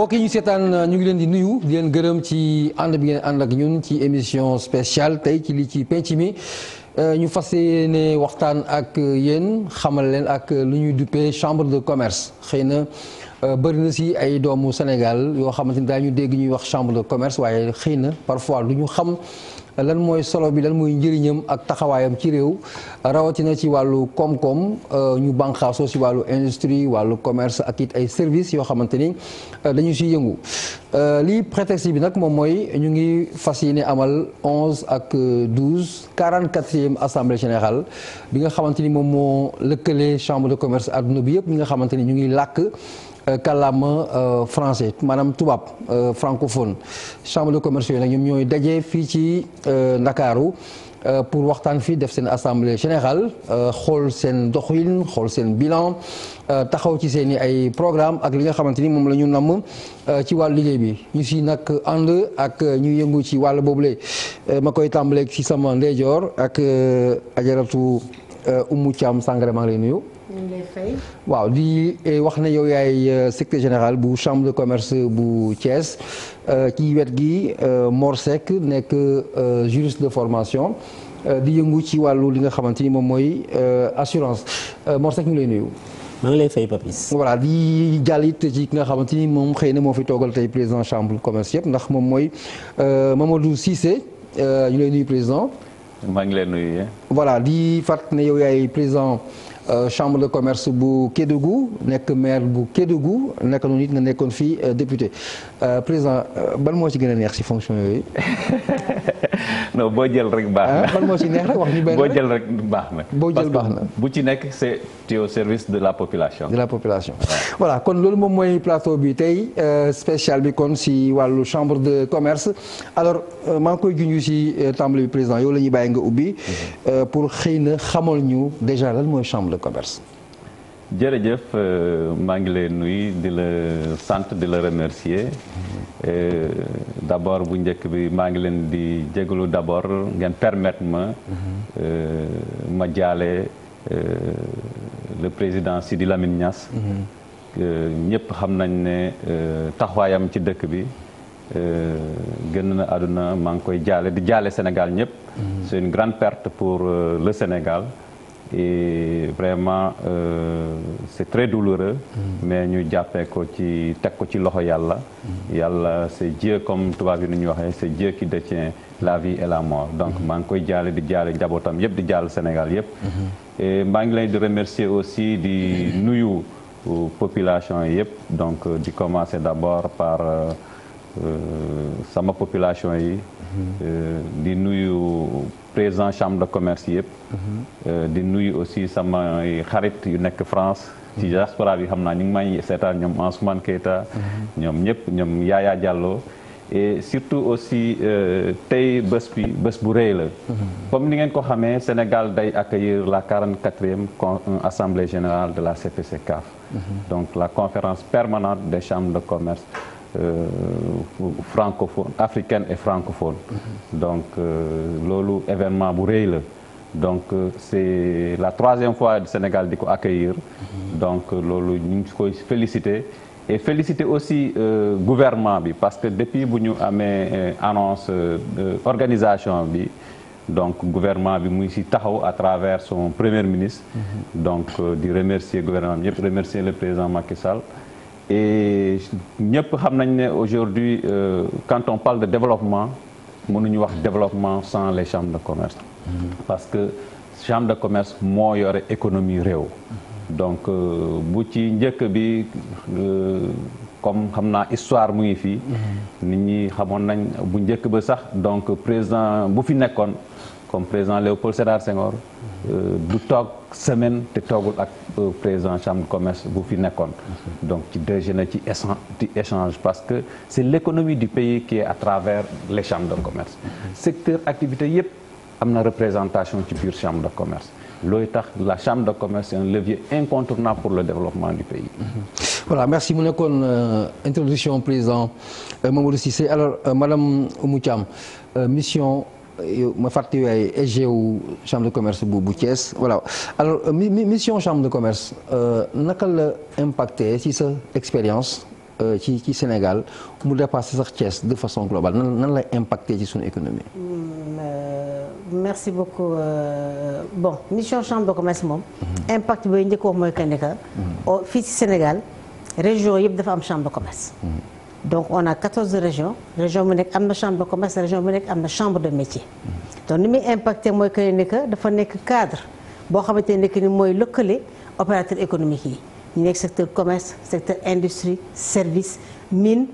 mbokk yi ñu seetaan euh, ñu ngi leen di nuyu di leen gërëm ci ànd bi ngeen ànd ak ñun ci émission spéciale tey ci lii ci penc mi euh, ñu fas ne waxtaan ak euh, yéen xamal leen ak lu ñuy duppee chambre de commerce xëy na bëri na si ay doomu Sénégal yoo xamante ni daal dégg ñuy wax chambre de commerce waaye xëy na parfois lu ñu xam. lan mooy solo bi lan mooy njëriñam ak taxawaayam ci réew rawatina ci wàllu koom-koom euh, ñu bànqaasoo ci wàllu industrie wàllu commerce ak it ay services yoo xamante ni euh, dañu si yëngu euh, lii prétexte bi nag moom mooy ñu ngi fas yéene amal onze ak 12 44e assemblée général bi nga xamante ni moom moo lëkkale chambre de commerce adduna bi yëpp ñi nga xamante ni ñu ngi làkk Euh, kàllaama euh, francais maanaam tubaab euh, francophone chambre de commerce yooyu nag ñooy daje fii ci Ndakaaru pour waxtaan fii def seen assemblée générale xool seen doxin xool seen bilan taxaw ci seen i ay programme ak li nga xamante ni moom la ñu namm ci wàll liggéey bi ñu si nag ànd ak ñuy yëngu ci wàll boobule ma koy tàmbaleeg ci sama ndeyjoor ak ajaratu Oumou Thiam Sangaré maa ngi lay nuyu. waaw di eh, wax na yow yaay eh, secrétaire général bu chambre de commerce bu Thiès euh, ci wet gi euh, Mor Seck nekk euh, juriste de formation di yëngu ci wàllu li nga xamante ni moom mooy assurance Mor Seck ñu lay nuyu. maa ngi lay fay Papis. voilà di jàllit ci ki xamante ni moom xëy na moo fi toogal tey président chambre commerce yëpp ndax moom mooy Mamadou Cissé ñu lay maa ngi lay nuyu yaay président. Euh, chambre de commerce bu Kédougou nekk maire bu Kédougou nekk noonu it nga nekkoon fii euh, député euh, président ban moo ci gën a neex si fonction yooyu. non boo jël rek baax na. ban moo ci neex rek wax ñu benn boo jël rek baax boo jël baax na bu ci nekk c'est tu es au service de la population. de la population voilà kon loolu moom mooy plateau bi tey eh, spécial bi kon si wàllu chambre de commerce alors eh, maa ngi koy junj si eh, tambali bi président yow la ñuy bàyyi nga ubbi mhm. pour xëy na xamal ñu déjà lan mooy chambre de commerce. jërëjëf maa ngi lay nuyu di la sant di la remercier mhm. d'abord bu njëkk bi maa ngi leen di jégalu d'abord ngeen permettre ma mhm. ma jaale le président Sidi Lamine Niass. Mm-hmm. Euh, ñëpp xam nañ ne euh, taxawaayam ci dëkk bi euh, gën na àdduna maa ngi koy jaale di jaale Sénégal ñëpp. Mm-hmm. c'est une grande perte pour le Sénégal. et vraiment euh, c'est très douloureux. Mm-hmm. mais ñu jàppee ko ci teg ko ci loxo yàlla. yàlla c'est Dieu comme tubaab yi nu ñuy waxee c'est Dieu qui détient la vie et la mort donc maa ngi koy jaale di jaale njabootam yëpp di jaal Sénégal yëpp. maa ngi leen di remercier aussi di nuyu euh, population yi yëpp donc euh, di commencer d'abord par euh, sama population yi mm-hmm. di nuyu président chambre de commerce yëpp mm-hmm. di nuyu aussi sama xarit yu nekk France ci mm-hmm. diaspora bi xam naa ñu ngi may seetaan ñoom Ansoumane Keita ñoom ñëpp ñoom Yaya Diallo et surtout aussi euh, tey bés bi bés bu rëy la. comme ni ngeen ko xamee Sénégal day accueillir la 44e con euh, assemblée générale de la CPCAF. donc la conférence permanente de chambres de commerce. Euh, africaine et francophone. donc euh, loolu événement bu rëy la donc euh, c'est la troisième fois Sénégal di ko accueillir. Mm donc loolu ñu ngi koy féliciter. et aussi euh, gouvernement bi parce que depuis bu ñu amee euh, annonce euh, organisation bi donc gouvernement bi muy ci taxaw à travers son premier ministre mm-hmm. donc euh, di remercier gouvernement bi ñëpp remercier le président Macky Sall et ñëpp xam nañ ne aujourd'hui quand on parle de développement mënuñu wax développement sans les chambres de commerce mm-hmm. parce que chambre de commerce moo yore économie réew mm-hmm. donc euh, bu ci njëkk bi euh, comme xam naa histoire mu ngi fii mhm. nit ñi xamoon nañ bu njëkk ba sax donc président bu fi nekkoon comme président Léopold Sédar Senghor mhm. euh, du toog semaine te toogul ak président chambre de commerce bu fi nekkoon mhm. donc ci déjeuner ci ci échange parce que c'est l'économie du pays qui est à travers les chambres de commerce secteur activité yëpp am na représentation ci biir chambre de commerce looy tax la chambre de commerce est un levier incontournable pour le développement du pays. Mm-hmm. voilà merci mu nekkoon euh, introduction président euh, Mamadou Cissé alors euh, madame Oumou Thiam mission ma fàttali waaye SG wu chambre de commerce bu bu wala voilà alors mission chambre de commerce naka la impacté si sa expérience ci ci Sénégal mu dépassé sax Thiès de façon globale nan nan lay impacté ci suñu économie. Mm, merci beaucoup euh, bon mission chambre de commerce moom. impact booy njëkk wax mooy que ni que. fii ci Sénégal région yëpp dafa am chambre de commerce. donc on a 14 régions région bu nekk am na chambre de commerce région bu nekk am na chambre de métier. donc ni muy impacté mooy que ni dafa nekk cadre boo xamante ne que ni mooy lëkkale opérateurs économique yi ñu nekk secteur commerce secteur industrie service mine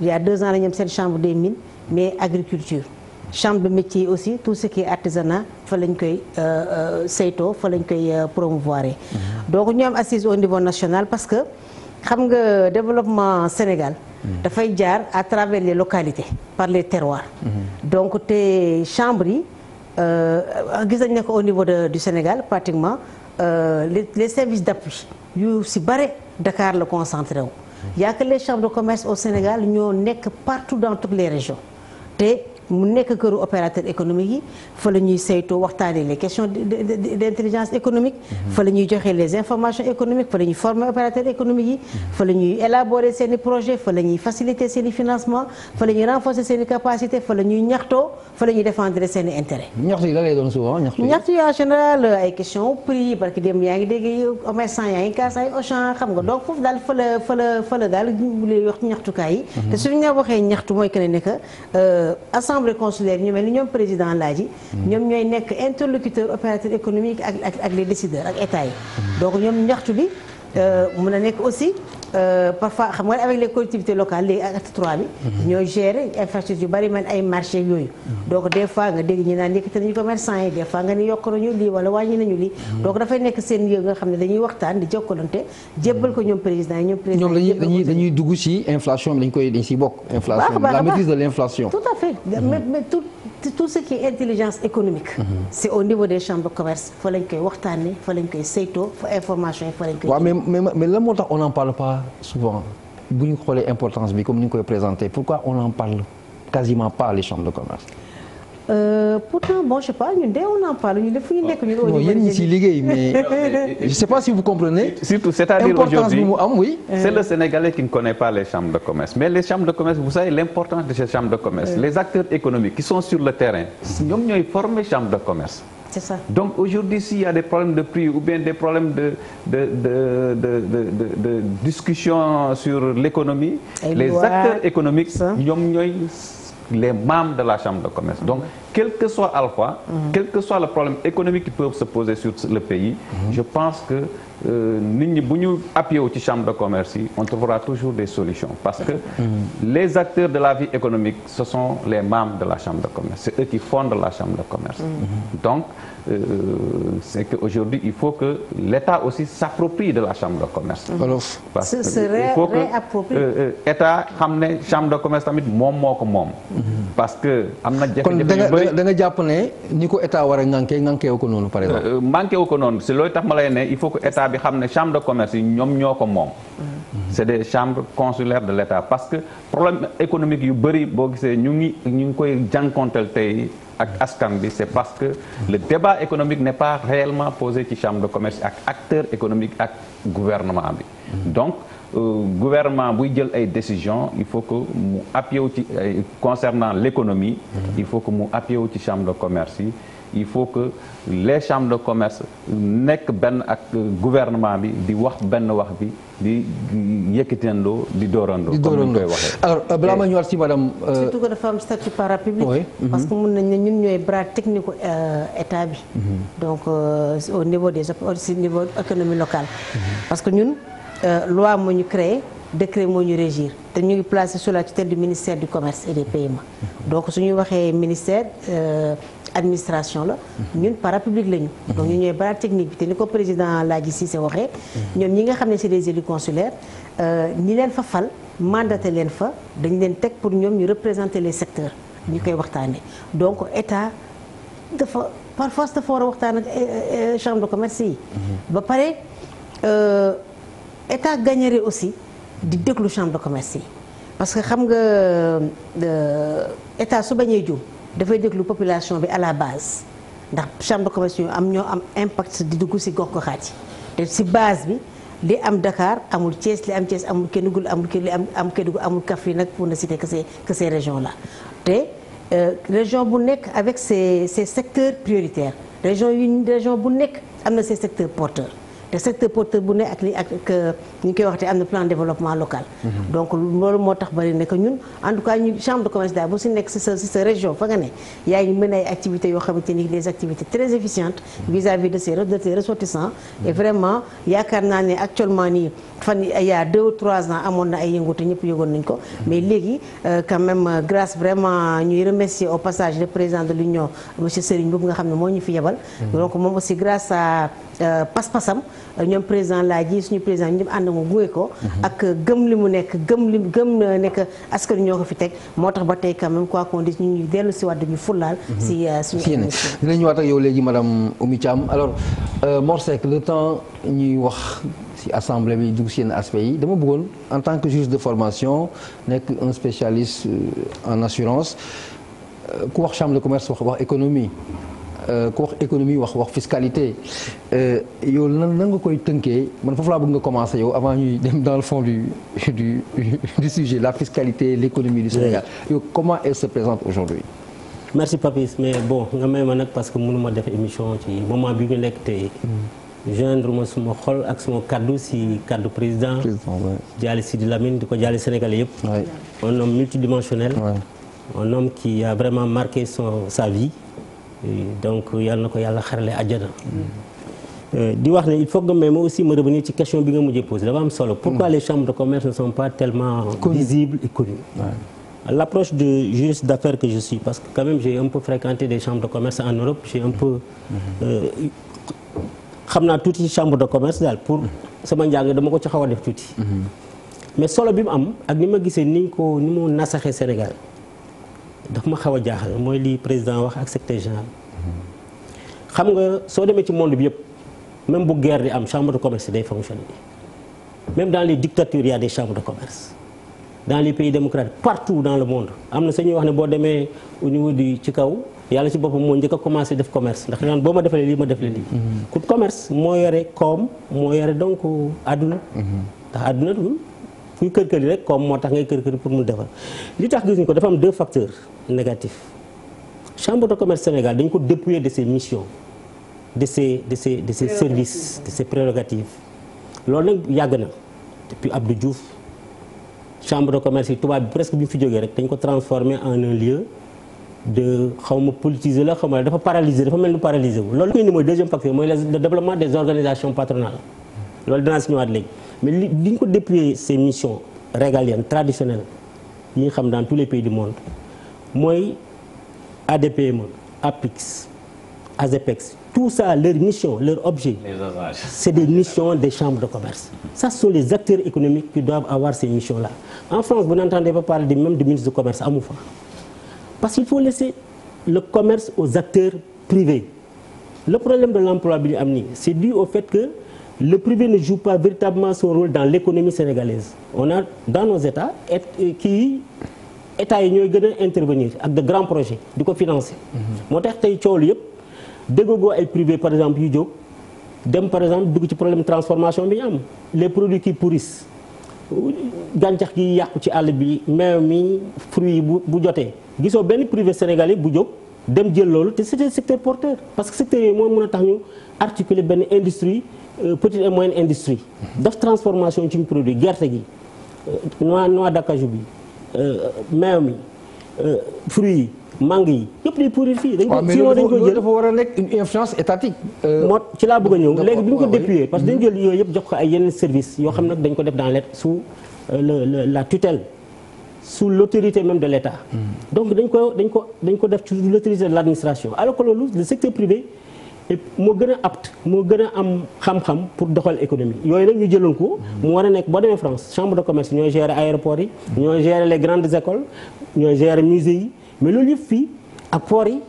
il y a deux ans la ñu seen chambre des mines mais agriculture. chambre de métier aussi tout ce qui est artisanat fa lañ koy euh, euh, saytoo fa lañ koy euh, promouvoir mhm. donc ñu am assise au niveau national parce que xam nga développement Sénégal mhm. dafay jaar à travers les localités par les terroirs mhm. donc te chambre yi gis nañ ne ko au niveau de du Sénégal pratiquement les service services d'appui yu si bare Dakar la concentré wu y a commerce au Sénégal ñoo nekk partout dans toutes les régions te mu nekk këru opérateur économique yi fa la saytoo waxtaanee les questions économique mhm. fa la ñuy joxee les yi fa la élaborer seen projet fa la faciliter seen financement fa la renforcer seen capacité fa la ñaxtoo fa la ñuy défendre seen ñaxtu yi la lay doon souvent ñaxtu yi en général euh, ay question prix parce que dem yaa ngi dégg commerçant yaa ngi kaas ay Auchan xam nga donc foofu daal fa la fa la chambre consulaire ñu mel ni ñoom président laaj yi mm. ñoom ñooy nekk interlocuteur opérateur économique ak ak les décideurs ak état yi mm. donc ñoom ñaxtu bi euh, mën a nekk aussi Euh, parfois xam nga avec les collectivités locales léegi ak acte trois bi. Mhm. ñooy gérer infrastructure bari mel ay marché yooyu. Mhm. donc des fois nga dégg ñu naan yëkkati nañu commerçant yi des fois nga ni yokk nañu lii wala wàññi nañu lii. Mhm. donc dafay nekk seen yëg nga xam ne dañuy waxtaan di jokkalante jébbal ko ñoom président yi ñoom. président ñoom dañuy dugg ci inflation bi dañ koy dañ ciy bokk. inflation la maîtrise de l'inflation. tout ce qui est intelligence économique. Mhm. c' est au niveau des chambres de commerce fa lañ koy waxtaanee fa lañ koy saytoo fa information yi fa lañ koy. waaw mais mais mais lan moo tax on n'en parle pas souvent bu ñu xoolee importance bi comme ni ñu koy présenté pourquoi on n'en parle quasiment pas les chambres de commerce. Euh, pourtant bon je sais pas de on en parle si liggéey mais vous comprenez. surtout c'est-à-dire aujourd'hui importance bi mu am oui. Euh. c'est le Sénégalais qui ne connaît pas les chambres de commerce mais les chambres de commerce vous savez l'importance de ces chambres de commerce. Euh. les acteurs économiques qui sont sur le terrain. ñoom ñooy former chambre de commerce. c'est ça donc aujourd'hui s'il y a des problèmes de prix ou bien des problèmes de discussion sur l'économie. les acteurs économiques ñoom ñooy. les membres de la chambre de commerce. Donc, quel que soit Alpha, mhm. quel que soit le problème économique qui peut se poser sur le pays, mhm. je pense que euh, nit ñi bu ñu appuyé wu ci chambre de commerce yi on trouvera toujours des solutions parce que mhm. les acteurs de la vie économique ce sont les membres de la chambre de commerce c'est eux qui fondent la chambre de commerce donc Eh, euh, c'est qu'aujourd'hui, il faut que l'État aussi s'approprie de la chambre de commerce. parce que il faut que état xam ne chambre de commerce tamit moom moo ko moom. Hmm. parce que am na jafe-jafe yu jàpp ne ni ko état war a ŋànkee ŋànkee ko noonu par exemple. ŋànkee eh, eh, ko noonu si looy tax ma lay ne il faut que état bi xam ne chambre de commerce yi ñoom ñoo ko moom. Hmm. c'est des chambre consulaires de l'État parce que problème économique yu bëri boo gisee ñu ngi ñu ngi koy jànkonteel tey. ak askan bi c'est parce que le débat économique n'est pas réellement posé ci chambre de commerce ak acteur économique ak gouvernement bi donc euh, gouvernement buy jël ay décisions il faut que mu appuyé wu ci concernant l'économie il faut que mu appuyé wu ci chambre de commerce yi il faut que les chambres de commerce nekk benn ak gouvernement bi di wax benn wax bi di yëkkatandoo di doorandoo. di doorandoo comme waxee. alors euh, balaa ma ñëwaat si madame. Euh, surtout que dafa am statut parapublic. oui mhm. parce que mun nañ ne ñun ñooy bras technique euh, état bi. Mhm. donc au niveau des au niveau économie locale. Mhm. parce que ñun loi moo ñu créé décret moo ñu régir te ñu ngi placé sous la tutelle du ministère du commerce et des PME. donc suñuy waxee ministère. administration la ñun parapublic la ñu donc ñu ñooy bras technique bi te ni ko président Laaji Cissé waxee ñoom ñi nga xam ne si des élus consulaires euh, ñi leen fa fal mandaté leen fa dañ leen teg pour ñoom ñu représenter les secteurs ñu koy waxtaane donc état dafa par force dafa war a waxtaan ak euh, euh, chambre de commerce yi ba pare état gagnerait aussi di déglu chambre de commerce yi parce que xam nga état su bañee juum dafay déglu population bi à la base ndax chambre de commerce yu am ñoo am impact di dugg si gox goxaat yi te si base bi li am dakaar amul Thiès li am Thiès amul gul amul li am am Kédougou amul Kaffrine nag pour ne citer que ces que ces régions là te euh, région bu nekk avec ses ses secteurs prioritaires région yu région bu nekk am na ses secteur porteurs te secteur porteur bu ne ak li ak ñu koy wax am na plan développement local. Mhm. donc loolu moo tax bari ne que ñun en tout cas ñu chambre de commerce daal bu si nekk si sa si région fa nga ne yaa mën ay activités yoo xamante ni des activités très efficientes mhm. vis-à-vis de vraiment yaakaar naa ne actuellement nii fan il y a deux ou trois ans amoon na ay yëngute ñëpp yëgoon nañ ko. Mhm. mais léegi euh, quand même grace vraiment ñuy remercier au passage le président de l'union monsieur Serigne bu nga xam ne moo ñu fi yebal. donc moom aussi grâce à. Euh, pas-pasam euh, ñoom président laa ji suñu président ñu ànd nga gunge ko. Mhm. ak euh, gëm li mu nekk gëm li gëm nekk askan ñoo ko fi teg moo tax ba tey quand même quoi qu'on dise ñu dellu si waat dañu fulaal. Mhm. si suñu émission dinañ ak yow léegi madame Oumy Thiam alors Mor Seck le temps ñuy wax si assemblée bi dugg si yenn yi dama buggoon en tant que juge de formation nekk un spécialiste en assurance ku wax chambre de commerce wax wax économie. Euh, ku wax économie wax wax fiscalité euh, yow nan nan nga koy tënkee man foofu laa nga commencé yow avant ñuy dem dans le fond du sujet la fiscalité l'économie du Sénégal yow comment elle se présente aujourd'hui merci Papis mais bon nga may ma nag parce que mënuma def émission ci moment bi ñu nekk te hmm. joindre ma suma xol ak suma kaddu si kaddu président jaale Sidi Lamine di ko jaale sénégal yëpp un homme multidimensionnel un homme qui a vraiment marqué sa vie donc yàlla na ko yàlla xarale àjjana. di wax ne il faut que même aussi ma revenir ci question bi nga mujjee posé dafa am solo. pourquoi les chambres de commerce ne sont pas tellement. visibles l'approche de juriste d'affaires que je suis parce que quand même j'ai un peu fréquenté des chambres de commerce en Europe j'ai un peu. Euh, xam naa tuuti chambre de commerce daal pour mm-hmm. sama njàng dama ko ci xaw a def tuuti. Mm-hmm. mais solo bi mu am ak ni ma gisee ni ko ni mu nasaxee Sénégal. dafa ma xaw a jaaxal mooy lii président wax ak secteur général xam nga soo demee ci monde bi yëpp même bu guerre di am chambre de commerce day fonctionner même dans les dictatures y a des chambres de commerce dans les pays démocratiques partout dans le monde am na sañuy wax ne boo demee au niveau ci kaw yàlla si boppam moo njëkk a commencé def commerce ndax naan boo ma defalee lii ma defalee lii. Mm-hmm. ku commerce moo yore koom moo yore donc àdduna. Mm-hmm. ndax àdduna kuy kër kër yi rek comme moo tax ngay kër kër pour mu defar li tax gis ñu ko dafa am deux facteurs négatifs chambre de commerce Sénégal dañ ko dépouiller de ses missions de ses de ses de ses services de ses prérogatives loolu nag yàgg na depuis Abdou Diouf chambre de commerce yi tubaab bi presque bi mu fi jógee rek dañ ko transformer en un lieu de xaw ma politiser la xaw ma dafa paralyser dafa mel ni paralyser wu loolu mooy deuxième facteur mooy le développement des léegi mais li li ñu ko déployer ces missions régaliennes traditionnelles yi nga xam dans tous les pays du monde mooy ADPME APIX ASEPEX tout ça leur mission leur objet c'est des missions des chambres de commerce ça ce sont les acteurs économiques qui doivent avoir ces missions là en France vous n'entendez pas parler même du ministre du commerce amu fa parce qu'il faut laisser le commerce aux acteurs privés le problème de l'emploi bi ñu am ni c'est que le privé ne joue pas véritablement son rôle dans l'économie sénégalaise on a dans nos états kii état yi ñooy gën a intervenir ak de grands projets di ko financé mm-hmm. moo tax tey coow yëpp déggoo ay privé par exemple yu jóg dem par exemple dugg ci problème transformation bi ñu am les ki pour pourrissent gàncax gi yàqu ci àll bi meew mi fruits yi bu bu jotee gisoo benn privé sénégalais bu jóg dem jël loolu te c'était secteur porteur parce que secteur yooyu moo tax ñu articuler benn industrie Euh, petite et moyenne industrie def transformation ci produit gerte gi euh, noix noix d'acajou bi euh, meew mi fruits yi mangue yi yëpp day pourrir fii dañ ko dañ ko war a nekk une influence étatique moo ci laa a ñëw léegi bi ñu ko dépuyee parce que dañ jël yooyu yëpp jox ko ay yeneen service yoo xam nag dañ ko def dans le sous la tutelle sous l'autorité même de l'État hmm. dañ ko dañ ko dañ ko def sous l'autorité de le secteur privé moo gën a apte moo gën a am xam-xam pour doxal économie yooyu nag ñu jëloon ko. mu war a nekk boo demee France chambre de commerce ñooy gérer aéroports yi. ñooy gérer les grandes écoles ñooy gérer musées yi mais loolu yëpp fii ak port yi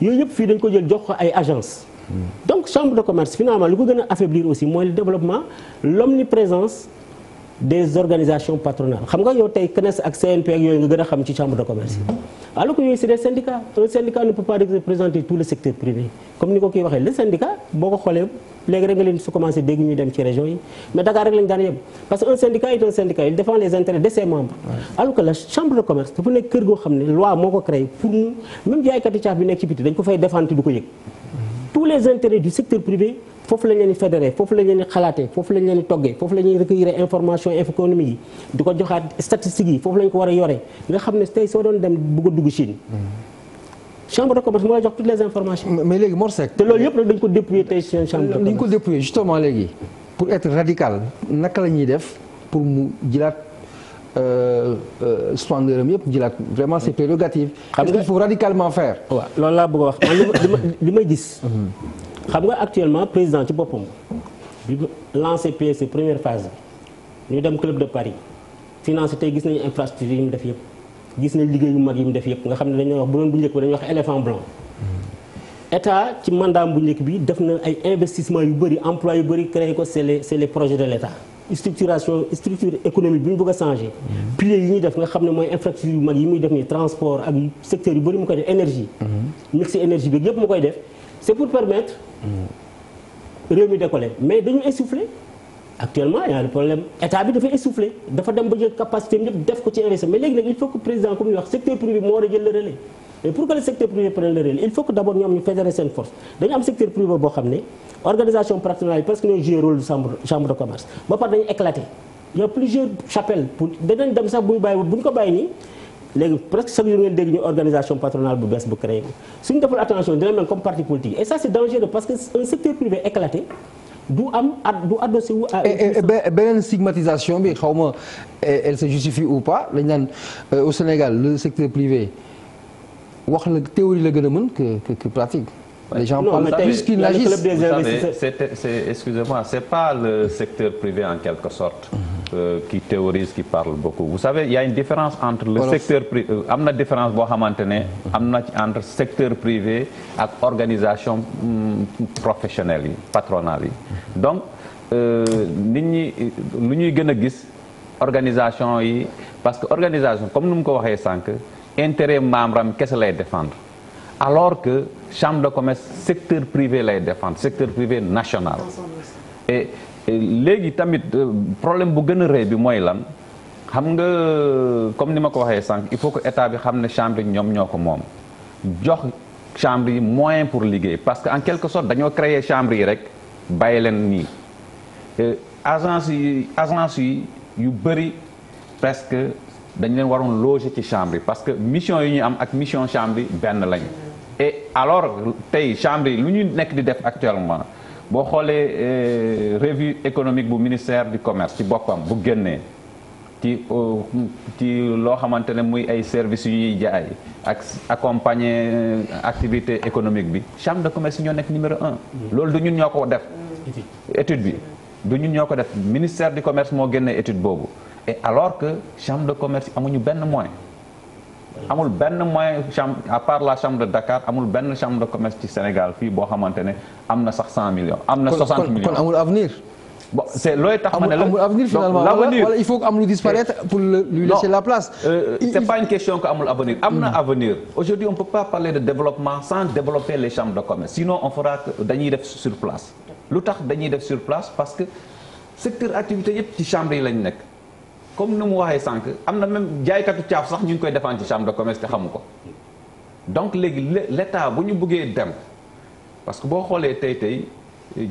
yooyu yëpp fii dañ ko jël jox ko ay agences. Hmm. donc chambre de commerce finalement lu ko gën a affaiblir aussi mooy le développement l'omniprésence des organisations patronales xam nga yow tey CNES ak CNP ak yooyu nga gën a xam ci chambre de commerce yi alors yooyu c'est des syndicats un syndicat ne peut pas représenter tout le secteur privé comme ni ko kii waxee le syndicat boo ko xoolee léegi rek nga leen su commencé dégg ñuy dem ci région yi mais Dakar rek lañu daan yem parce que un syndicat est un syndicat il défend les intérêts de ses membres alors que la chambre de commerce dafa nekk kër goo xam ne loi moo ko créé pour foofu lañ leen di fédéré foofu lañ leen di xalaatee foofu lañ leen di toggee foofu la ñuy recueillir information économique yi di ko joxaat statistiques yi foofu lañ ko war a yore nga xam ne tey soo doon dem bëgg a dugg Chine. chambre de commerce moo lay jox toutes les informations. mais léegi Mor Seck. te loolu yëpp nag ko dépouiller tey seen chambre de commerce. dañ ko dépouiller justement léegi. pour être radical naka la ñuy def pour mu jilaat euh, euh, standard am yëpp jilaat vraiment c'est prérogative. xam nga il faut radicalement faire. waaw loolu laa bëgg a li may gis. Mhm. xam nga actuellement président ci boppam bi lancé PSE première phase bi ñu dem club de Paris financé tey gis nañu infrastructure yi mu def yëpp gis nañ liggéey yu mag yi mu def yëpp nga xam ne dañoo wax bu doon bu njëkk ba dañuy wax éléphant blanc hmm. état ci mandat bu njëkk bi def na ay investissement yu bëri emploi yu bari bëri créé ko c'est les c'est les projets de l'état structuration structure économique bi ñu bëgg a changé hmm. piliers yi ñuy def nga xam ne mooy infrastructure yu mag yi muy def nii transport ak secteur yu bëri mu koy def hmm. énergie bi yëpp mu koy def c'est pour permettre réew mi décoller mais dañu essoufflé actuellement y a le problème état bi dafa essoufflé dafa dem ba jël capacité ñëpp def ko ci investissement mais léegi nag il faut que président comme ñu wax secteur privé moo war a jël le relais mais pour que le secteur privé prenne le relais il faut que d'abord ñoom ñu fédérer seen force dañu am secteur privé boo xam ne organisation patronale parce que ñooy joué rôle chambre danañ dem sax bu ñu bàyyi bu ñu ko nii léegi presque chaque jour ngeen dégg ñu organisation patronale bu bees bu créé ko suñu deful attention dina mel comme parti politique et ça c'est dangereux parce que un secteur privé éclaté du am du adossé wu. beneen stigmatisation bi xaw ma e, elle se justifie ou pas lañ naan euh, au Sénégal le secteur privé wax la théorie la gën a mën que pratique. Les gens non, parlent plus qu'ils n'agissent. Excusez-moi, ce n'est pas le secteur privé en quelque sorte mhm. euh, qui théorise, qui parle beaucoup. Vous savez, il a une différence entre le voilà. secteur privé, euh, am na différence boo xamante ne mhm. am na entre secteur privé ak organisation mm, professionnelle yi patronale yi. Mhm. donc euh, ni ñi lu ñuy gën a gis organisation yi parce que organisation comme nu mu ko waxee sànq intérêt membre am kese lay défendre. alors que chambre de commerce secteur privé lay défendre secteur privé national et léegi tamit euh, problème bu gën a rëy bi mooy lan xam nga comme ni ma ko waxee sànq il faut que état bi xam ne chambre yi ñoom ñoo ko moom jox chambre yi moyen pour liggéey parce que en quelque sorte dañoo créer chambre yi rek bàyyi leen nii agence yi agence yi yu bëri presque dañu leen waroon loger ci chambre yi parce que mission yi ñu am ak mission chambre yi benn lañu et alors tey chambre yi lu ñu nekk di def actuellement boo xoolee euh, revue économique bu ministère du commerce ci boppam bu génnee ci euh, ci loo xamante ne muy ay services yu ñuy jaay ak accompagner euh, activité économique bi chambre de commerce yi ñoo nekk numéro un. loolu du ñun ñoo ko def. étude bi du ñun ñoo ko def ministère du commerce moo génnee étude boobu et alors que chambre de commerce amuñu benn moyen. amul benn moyen chambre à part la de Dakar amul benn chambre de commerce Sénégal fii boo xamante ne am na sax 100 millions. am na 60 millions kon amul avenir. bon c'est looy tax ma ne la amul avenir finalement wala il faut que am la place. Euh, c'est pas une amul avenir. am na hmm. avenir aujourd'hui on peut pas parler de développement sans développer les chambres de commerce sinon on fera dañuy def sur place. lu tax dañuy def sur place parce que secteur activité yëpp ci chambre yi lañ nekk. comme ni mu waxee sànq am na même jaaykatu caaf sax ñu ngi koy défendre ci de commerce te xamu ko donc léegi l' état bu ñu bëggee dem parce que boo xoolee tey tey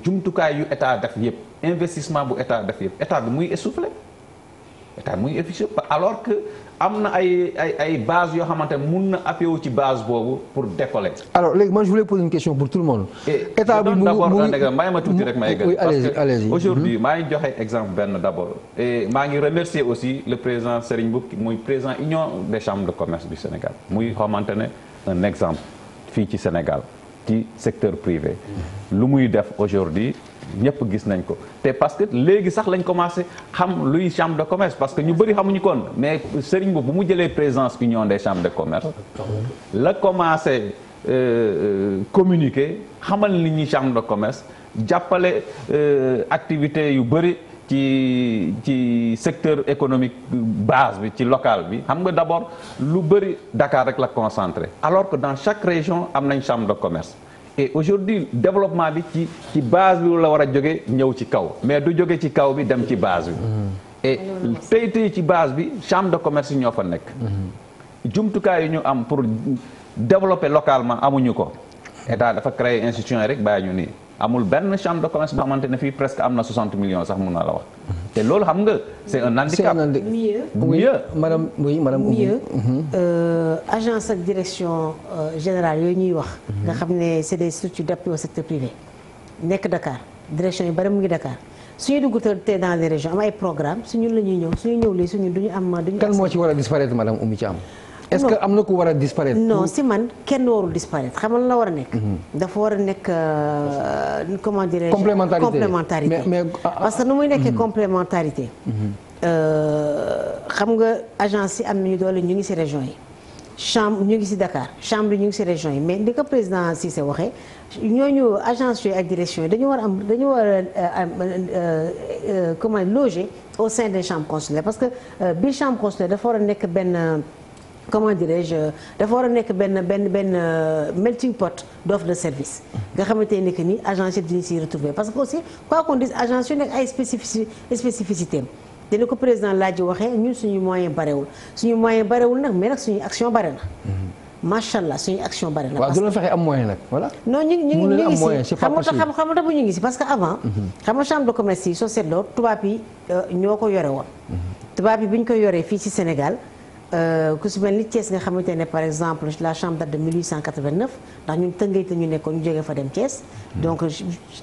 jumtukaay yu état def yëpp investissement bu état def yëpp état bi muy essoufflé état bi muy efficient alors am na ay ay ay base yoo xamante ne mun na appuyé wu ci base boobu pour décoller. alors le man je voulais poser une question pour tout le monde. état bi mu may ma tuuti rek ma eggal. parce que aujourd'hui mhm. maa ngi joxe exemple benn d' abord. et maa ngi remercier aussi le président Serigne Mboup muy président union des chambres de commerce du Sénégal muy xamante ne un exemple fii ci Sénégal ci secteur privé. Mhm. lu muy def aujourd'hui ñëpp gis nañ ko te parce que léegi sax lañ commencé xam luy chambre de commerce parce que ñu bëri xamuñu koon mais Serigne Mboup bu mu jëlee présidence union des chambres de commerce la commencé euh, euh, communiquer xamal ni ñuy chambre de commerce jàppale euh, activité yu bëri ci ci secteur économique base bi ci local bi xam nga d'abord lu bëri Dakar rek la concentre alors que dans chaque région am nañ chambre de commerce et aujourd'hui développement bi ci ci base bi la war a jóge ñëw ci kaw mais du jóge ci kaw bi dem ci base bi et tey tey ci base bi chambre de commerce ñoo fa nekk jumtukaay yi ñu am pour développer localement amuñu ko état dafa créer institution yi rek bàyyi ñu nii amul benn chambre de commerce boo xamante ne fii presque am na 60 millions sax mun naa la wax te loolu xam nga c'est un handicap. mieux mieux madame oui madame mieux mhm. euh, agence ak direction euh, générale yooyu ñuy wax mhm. nga xam ne c'est des structures d'appui au secteur privé nekk Dakar direction yu bari ngi Dakar suñu dugg te dans les régions am ay programmes suñu la ñuy ñëw suñu ñëw léegi suñu duñu am duñu kan moo ci a disparaître madame est-ce que am na ku war a disparaître. non si man kenn warul disparaître xam la war a nekk. Mhm. dafa war a nekk euh, comment dirais-je. complémentarité complémentarité. mais mais ah, ah. parce que nu muy nekkee mhm. complémentarité. Mhm. Euh, xam nga agence yi am nañu doole ñu ngi si région yi. chambre ñu ngi si Dakar chambre ñu ngi si région yi mais ni ko président Cissé waxee ñooñu agence yooyu ak direction yi dañu war am dañu war a euh, comment loger au sein des chambres consulaires parce que bi chambre consulaire dafa war a nekk benn. comment dirais-je dafa war a nekk benn benn benn euh, melting pot d'offre de service nga xamante ne que nii agence yi si siy retrouver parce que aussi quoi qu'on dise agence yu nekk ay spécifici dina ko président laaj waxee ñun suñu moyen barewul suñu moyen barewul nag mais nag suñu action bare na mhm. macha allah suñu action bari na. waaw du la fexe am moyen nag voilà. non ñu ngi ñu ngi si xam nga xam xam nga ñu ngi si parce que avant. Mhm. xam nga chambre de commerce yi soo seetloo tubaab yi euh, ñoo ko yore woon. Mhm. tubaab yi bi ñu ko yoree fii ci Sénégal. Euh, ku si mel ni Thiès nga xamante ne par exemple la chambre date de 1889 ndax ñun tëngay te ñu nekkoon ñu jógee fa dem Thiès. Hmm. donc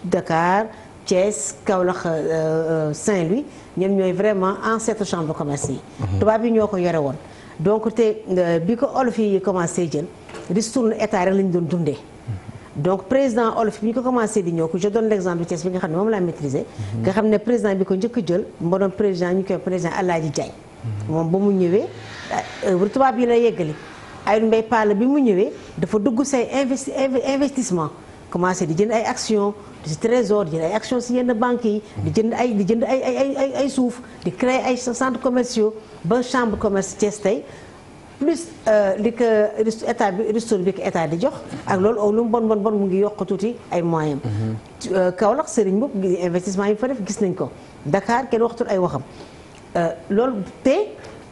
Dakar Thiès Kaolack euh, euh, Saint-Louis ñoom ñooy vraiment ancêtre chambre de commerce yi. Hmm. tubaab yi ñoo ko yore woon. donc te bi ko olof yi commencé jël ristourne état rek lañu doon dundee. Hmm. donc président olof bi ñu ko commencé di ñëw ko je donne l' exemple du Thiès bi nga xam ne moom laa maîtriser. nga xam ne président bi ko njëkk jël moo doon président ñu koy président Alaaji Diagne. moom ba mu ñëwee. œuvre euh, tubaab yi la yeggali ay Mbaye Pall bi mu ñëwee dafa dugg say investi investissement commencé di jënd ay actions di trésor di jënd ay actions si yenn banques yi. di jënd ay jënd ay ay suuf di créer ay centres commerciaux ba chambre commerce Thiès tey plus euh, li ko état bi ristourne bi ko état di jox ak loolu au oh, lu mu bon bon bon mu ngi yokk tuuti ay moyens am. Mm-hmm. Euh, Kaolack Serigne Mboup investissement yi fa def gis nañ ko Dakar kenn waxtul ay waxam loolu te.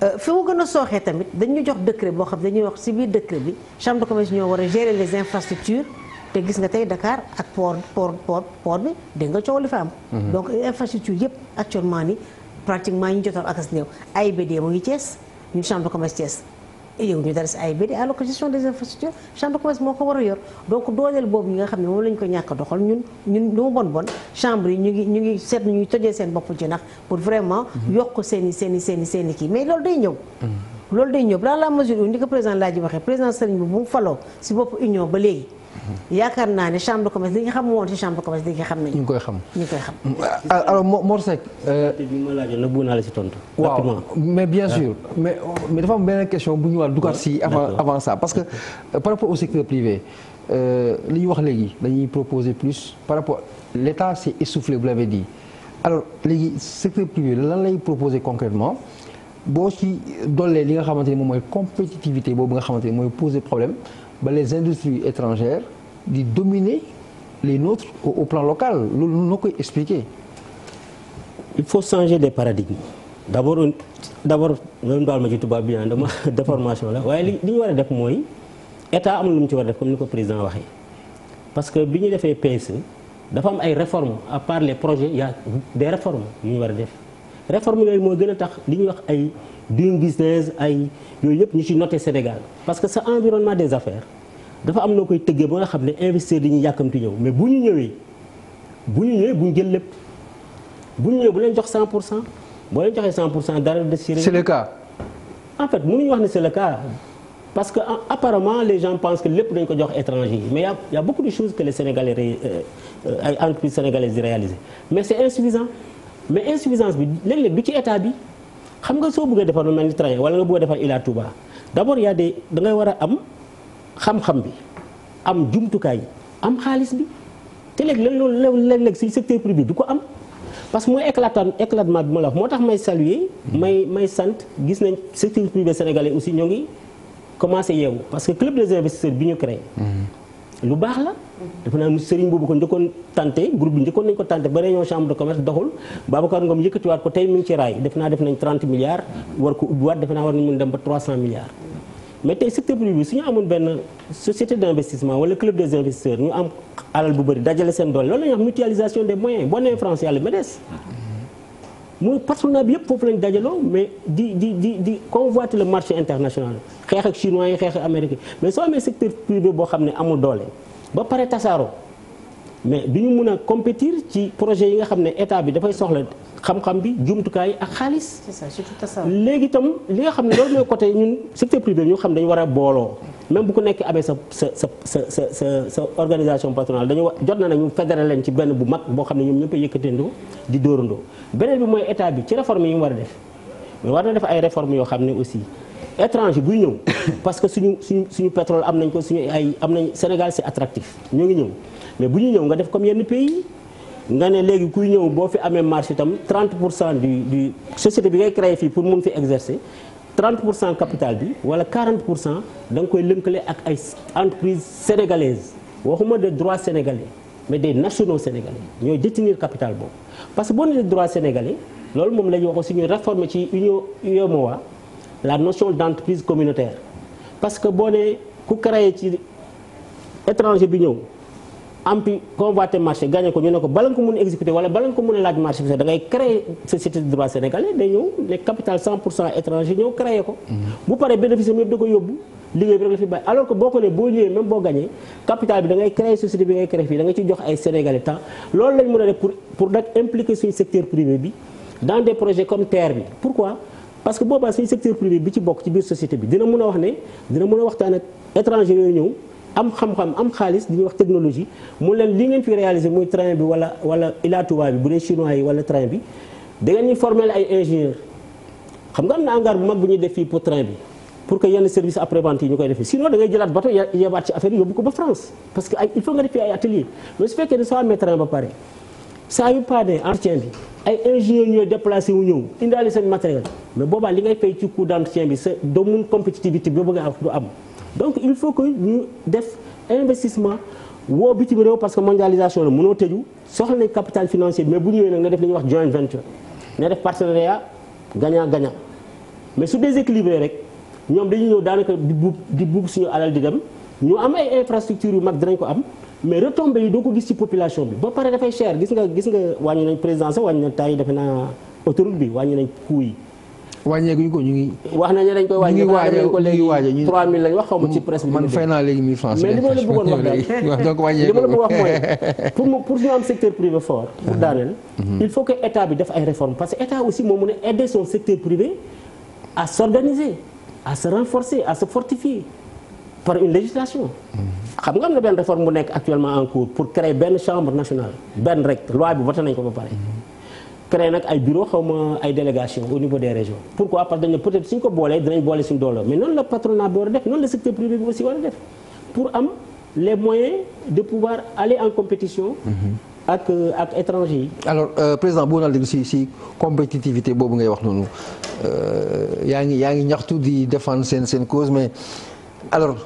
Euh, fi mu gën a sooxee tamit dañu jox décret boo xam dañuy wax ci biir décret bi chambre de commerce ñoo war a gérer les infrastructures te gis nga tey dakaar ak port port port port bi dégg nga coow li fa am. Mhm. donc infrastructure yëpp actuellement ni pratiquement ñi jotoon ak as néew. AIBD mu ngi cees ñu chambre de commerce Thiès. ñu dara si ay bi alors que gestion des infrastructures chambre de moo ko war a yor donc dooleel boobu ñi nga xam ne moom lañ ko ñàkk doxal ñun ñun lu mu bon bon chambre yi ñu ngi ñu ngi seet ñu tojee seen bopp ci ndax pour vraiment mhm. yokk seeni i seen seen seen kii mais loolu day ñëw mhm. loolu day ñëw dans la mesure où ni ko président laa ji waxee président Serigne bi bu mu faloo si bopp union ba léegi yaakaar naa ne chambre de li nga xam woon ci chambre de commerce li nga xam nañu. ñu ngi koy xam ñu ngi ah, euh, naa la ci tontu. waaw mais bien sûr mais oh, mais dafa benn question bu ñu war dugaat si avant avant parce que euh, par rapport au secteur privé euh, li ñu wax léegi lañuy proposer plus par rapport l' état s' est essoufflé vous l' avez dit léegi secteur privé lan lay proposer concrètement boo si dollee li nga xamante ni moom mooy compétitivité boobu nga xamante ni mooy poser problème. ba les industries étrangères di dominer les nôtres au, au plan local loolu noo koy expliquer il faut changer les paradigmes d'abord d'abord loolu daal ma ci tubaab bi ah, dama de formation la waaye li ñu war a def mooy état am lu mu ci war a def comme ni ko président waxee parce que bi ñu defee PSE dafa am ay réformes à part projet projets il y a ñu war a def réformes yooyu moo gën a tax li ñuy wax ay doing business ay yooyu yëpp ñu ci noté Sénégal parce que sa environnement des affaires dafa am noo koy tëggee ba nga xam ne investisseur dañuy yàkkamti ñëw mais bu ñu ñëwee bu ñu ñëwee bu ñu jël lépp bu ñu ñëwee bu leen jox cent pour cent boo leen joxee cent pour cent dara des ci c'est le cas. en fait mënuñu wax ne c'est le cas parce que apparemment les gens pensent que lépp dañ ko jox étranger yi mais y a y a beaucoup de choses que les sénégalais euh, euh, ay euh, entreprises réaliser mais c'est insuffisant bi. xam nga soo bëggee defar lu mel ni train wala nga bëgg a defar Ila Touba d'abord yaa de da ngay war a am xam-xam bi am jumtukaay yi am xaalis bi te léegi loolu léeg-léeg suñu secteur privé du ko am parce que mooy éclatant éclatement bi ma la moo tax may saluer may may sant gis nañ secteur privé sénégalais aussi ñoo ngi commencé yeewu parce que club des investisseurs bi ñu créé mm-hmm. lu baax la. dafa naan sëriñ boobu ko njëkkoon tante groupe bi njëkkoon nañu ko tante ba réunion chambre de commerce doxul Babacar Ngom yëkkatiwaat ko tey mi ngi ci raay def naa def nañ 30 milliards war ko ubbiwaat def naa war nañ mën dem ba 300 milliards. mais tey secteur privé su ñu amoon benn société d' investissement wala club des investisseurs ñu am alal bu bëri dajale seen doole loolu la ñuy wax mutualisation des moyens boo nee mooy patronat bi yëpp foofu lañ dajaloo mais di di di di convoiter le marché international xeex ak chinois yi xeex ak américain mais soo amee secteur privé boo xam ne amul doole ba pare tasaaroo. mais bi ñu mun a compétir ci projet yi nga xam ne état bi dafay soxla xam-xam bi jumtukaay ak xaalis. c'est ça surtout léegi itam li nga xam ne loolu mooy côté ñun secteur privé ñu xam dañu war a booloo. même bu ko nekk amee sa sa sa sa sa sa organisation patronale dañu wa jot na nag ñu fédéré leen ci benn bu mag boo xam ne ñoom ñëpp a yëkkatandoo di dóorandoo beneen bi mooy état bi ci réforme yi mu war a def mais war na def ay réformes yoo xam ne aussi étranger buy ñëw parce que suñu suñu suñu pétrole am nañ ko suñu ay am nañ Sénégal c'est attractif ñoo ngi ñëw. mais bu ñu ñëw nga def comme yenn pays nga ne léegi kuy ñëw boo fi amee marché itam trente pour cent du du société bi ngay créé fii pour mun fi exercer 30 pour cent capital bi wala quarante pour cent danga koy lënkale ak ay entreprises sénégalaises waxuma de droit sénégalais mais des nationaux sénégalais ñooy détenir capital boobu. parce que boo nee droit sénégalais loolu moom la ñu wax aussi ñu réformer ci union UEMOA la notion d' entreprise communautaire parce que boo nee ku créé ci étranger bi ñëw. ampi convoité marché gagné ko ñu ne ko bala nga ko mën a exécuté wala bala nga ko mën a laaj marché bi sax da ngay créer société de droit sénégalais day ñëw ne capital 100 pour cent étranger ñëw créé ko. Mhm. bu paree bénéfice am yëpp da ko yóbbu liggéey bi rek la fi alors que boo ko nee boo ñëwee même boo gagné capital bi da ngay créer société bi ngay créé fii da nga ci jox ay sénégalais temps loolu lañ mën a def pour nag impliquer suñu secteur bi dans des projets comme bi pourquoi. parce que boobaa suñu secteur bi ci bokk ci biir société bi dina mën a wax ne dina mën a waxtaan ak am xam-xam am xaalis di wax technologie mu leen li ngeen fi réaliser muy train bi wala wala Ila Touba bi bu dee chinois yi wala train bi da ngeen ñuy former ay ingénieur xam nga am na hangar bu mag bu ñuy def fii pour train bi pour que yenn service après-vente yi ñu koy defee sinon da ngay jëlaat bateau yebaat ci affaire yóbbu ko ba France parce que ay il faut nga def ay atelier mais su fekkee ne soo amee train ba pare saa yu paane entretien bi ay ingénieur déplacé wu ñëw indaale seen matériel mais boobaa li ngay fay ci coût d'entretien bi sa am donc il faut que ñu def investissement woo bitim réew parce que mondialisation la mënoo tëju soxla nañ capital financier mais bu ñëwee nag nga def li wax joint venture nga def partenariat gagnant gagnant mais su déséquilibré rek ñoom dañuy ñëw di buub di buub suñu alal di dem ñu am ay infrastructures yu mag dinañ ko am mais retombées yi doo ko gis ci population bi ba pare dafay cher gis nga gis nga wàññi nañ présidence wàññi nañ temps yi defe naa autoroute bi wàññi nañ coût yi wàññeekuñ ko ñu ngi. wax nañ ne dañ koy wàññi ko léegi 3000 lañ wax xaw ma ci presse bi. man fay naa léegi 1000 francs mais li ma la bëggoon wax daal donc wàññeeku li ma la bëgg wax mooy pour mu pour ñu am secteur privé fort. Ah. pour daaneel. Mhm. il faut que état bi def ay réformes parce que état aussi moo mun a aider son secteur privé à s'organiser à se renforcer à se fortifier par une législation. Mhm. xam nga am na benn réforme bu nekk actuellement en cours pour créer benn chambre nationale benn rek loi bi voté nañ ko ba pare. Mhm. créé nag ay bureau xaw ma ay délégation au niveau des régions pour parce que dañ ne peut-être suñ ko boolee dinañ boole suñ doole mais noonu la patronat bi war def noonu la secteur privé bi aussi war def pour am les moyens de pouvoir aller en compétition mm-hmm. ak euh, ak étranger yi alors euh, président bu naan si si compétitivité boobu ngay wax noonu euh, yaa ngi yaa ngi ñaxtu di défendre seen seen cause mais alors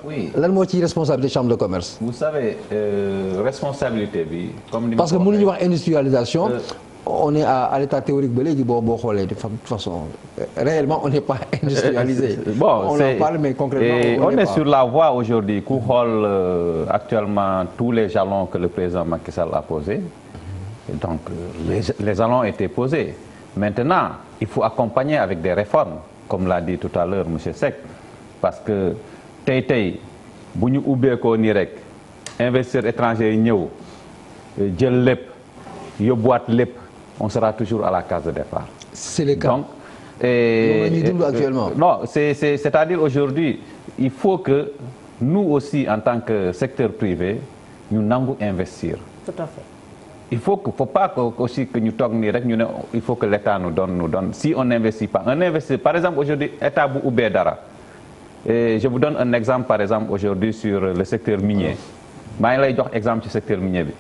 lan moo ci responsabilité chambre de commerce vous savez euh, responsabilité bi comme parce que mënuñu wax industrialisation euh, on est à, à l'état théorique boo boo xoolee de façon réellement on n'est pas industrialisé. on en parle mais concrètement on, on est, sur la voie aujourd'hui ku xool euh, actuellement tous les jalons que le président Macky Sall a posés donc euh, les les jalons étaient posés maintenant il faut accompagner avec des réformes comme l'a dit tout à l'heure monsieur Seck parce que tey tey bu ñu ubbeekoo nii rek investisseurs étrangers yi ñëw jël lépp yóbbuwaat lépp. on sera toujours à la case de départ. C'est le cas. Donc, et, et, actuellement. Euh, non c'est c'est c'est-à-dire aujourd'hui il faut que nous aussi en tant que secteur privé ñu nangu investir. tout il faut que faut pas que ñu toog nii rek ñu ne il faut que l'État nous donne nous donne si on n'investit pas un investit par exemple aujourd'hui État bu ubbee dara et je vous donne un exemple par exemple aujourd'hui sur le secteur minier ah. maa ngi lay jox exemple ci secteur minier bi.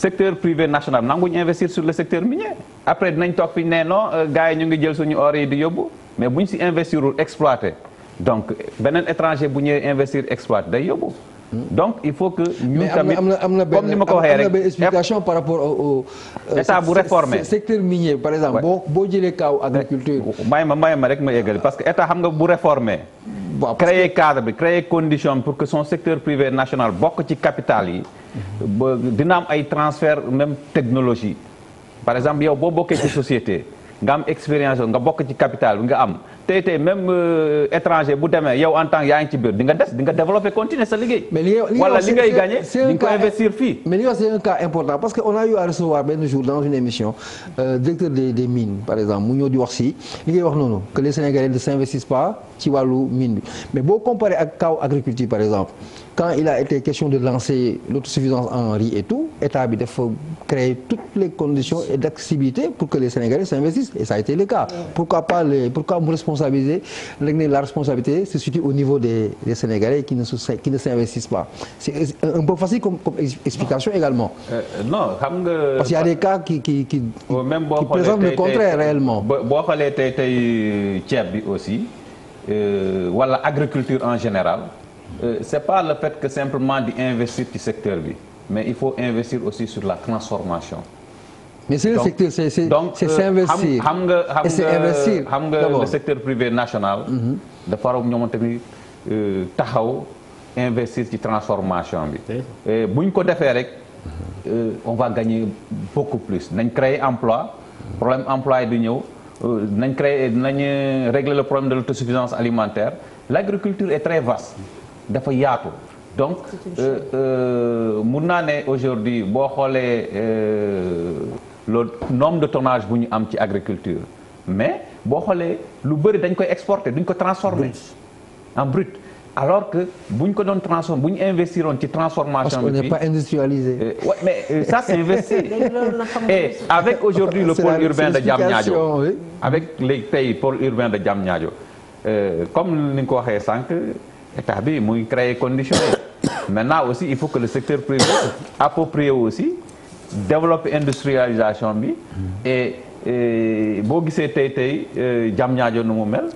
secteur privé national nanguñu investir sur le secteur minier après dinañ toog fi nee non euh, gars yi ñu ngi jël suñu or di yóbbu mais bu ñu si investirul exploité donc beneen étranger bu ñëwee investir exploité day yóbbu donc il faut que ñu tamit comme ni ma ko waxee rek am na rapport au euh, bu réformé secteur minier par exemple. boo boo jëlee kaaw agriculture. may ma may ma rek ma yeggali parce que état xam nga bu réformé. waaw créer cadre bi créer condition pour que son secteur privé national bokk ci capital yi. ba dina am ay transfert même technologie par exemple yow boo bokkee ci société. nga am expérience nga bokk ci capital bi nga am tey tey même euh, étranger bu demee yow en tant que yaa ngi ci biir di nga des di nga développer continuer sa liggéey. mais li wala li ngay c'est un cas important parce que on a eu à recevoir benn jour dans une émission euh, directeur des mines par exemple mu ñëw di wax si li wax noonu que les Sénégalais ne s'investissent pas ci wàllu mine bi mais boo comparé ak kaw agriculture par exemple. quand il a été question de lancer l'autosuffisance en riz et tout état bi dafa créer toutes les conditions et d'accessibilité pour que les Sénégalais s'investissent et ça a été le cas pourquoi pas les pourquoi vous responsabiliser léegi ne la responsabilité se situe au niveau des, des Sénégalais qui ne se qui ne s'investissent pas c'est un peu facile comme, comme explication également euh, euh, non xam nga parce qu'il y a des cas qui qui qui, qui, même qui présentent le contraire réellement boo xoolee tey tey ceeb bi aussi euh, wala agriculture en général Euh, c'est pas le fait que simplement di investir ci secteur bi mais il faut investir aussi sur la transformation. mais c'est le secteur c'est c'est euh, s'investir xam nga xam nga le secteur privé national. Mm-hmm. dafa war ñoom tamit euh, taxaw investir ci transformation bi. bu ñu ko defee rek on va gagner beaucoup plus nañ créer emploi problème emploi di ñëw. nañ créer nañ régler le problème de l'autosuffisance alimentaire l'agriculture est très vaste. dafa yaatu donc euh, euh, mun naa ne aujourd'hui boo xoolee euh, le nombre de tonnage bu ñu am ci agriculture mais boo xoolee lu bëri dañ koy exporter duñ ko transformer en brut alors que bu ñu ko doon transformer bu ñu investiroon ci transformation. bi parce qu'on n'est pas industrialisé. Euh, ouais, mais euh, ça c'est investi. et avec aujourd'hui le pôle urbain de Diamniadio. avec léegi tey pôle urbain de Diamniadio euh, comme ni nga ko waxee sànq. état eh, bi muy créer condition maintenant aussi il faut que le secteur privé approprie aussi développer industrialisation bi hmm. et boo gisee tey tey euh, jam ñaajo nu mu mel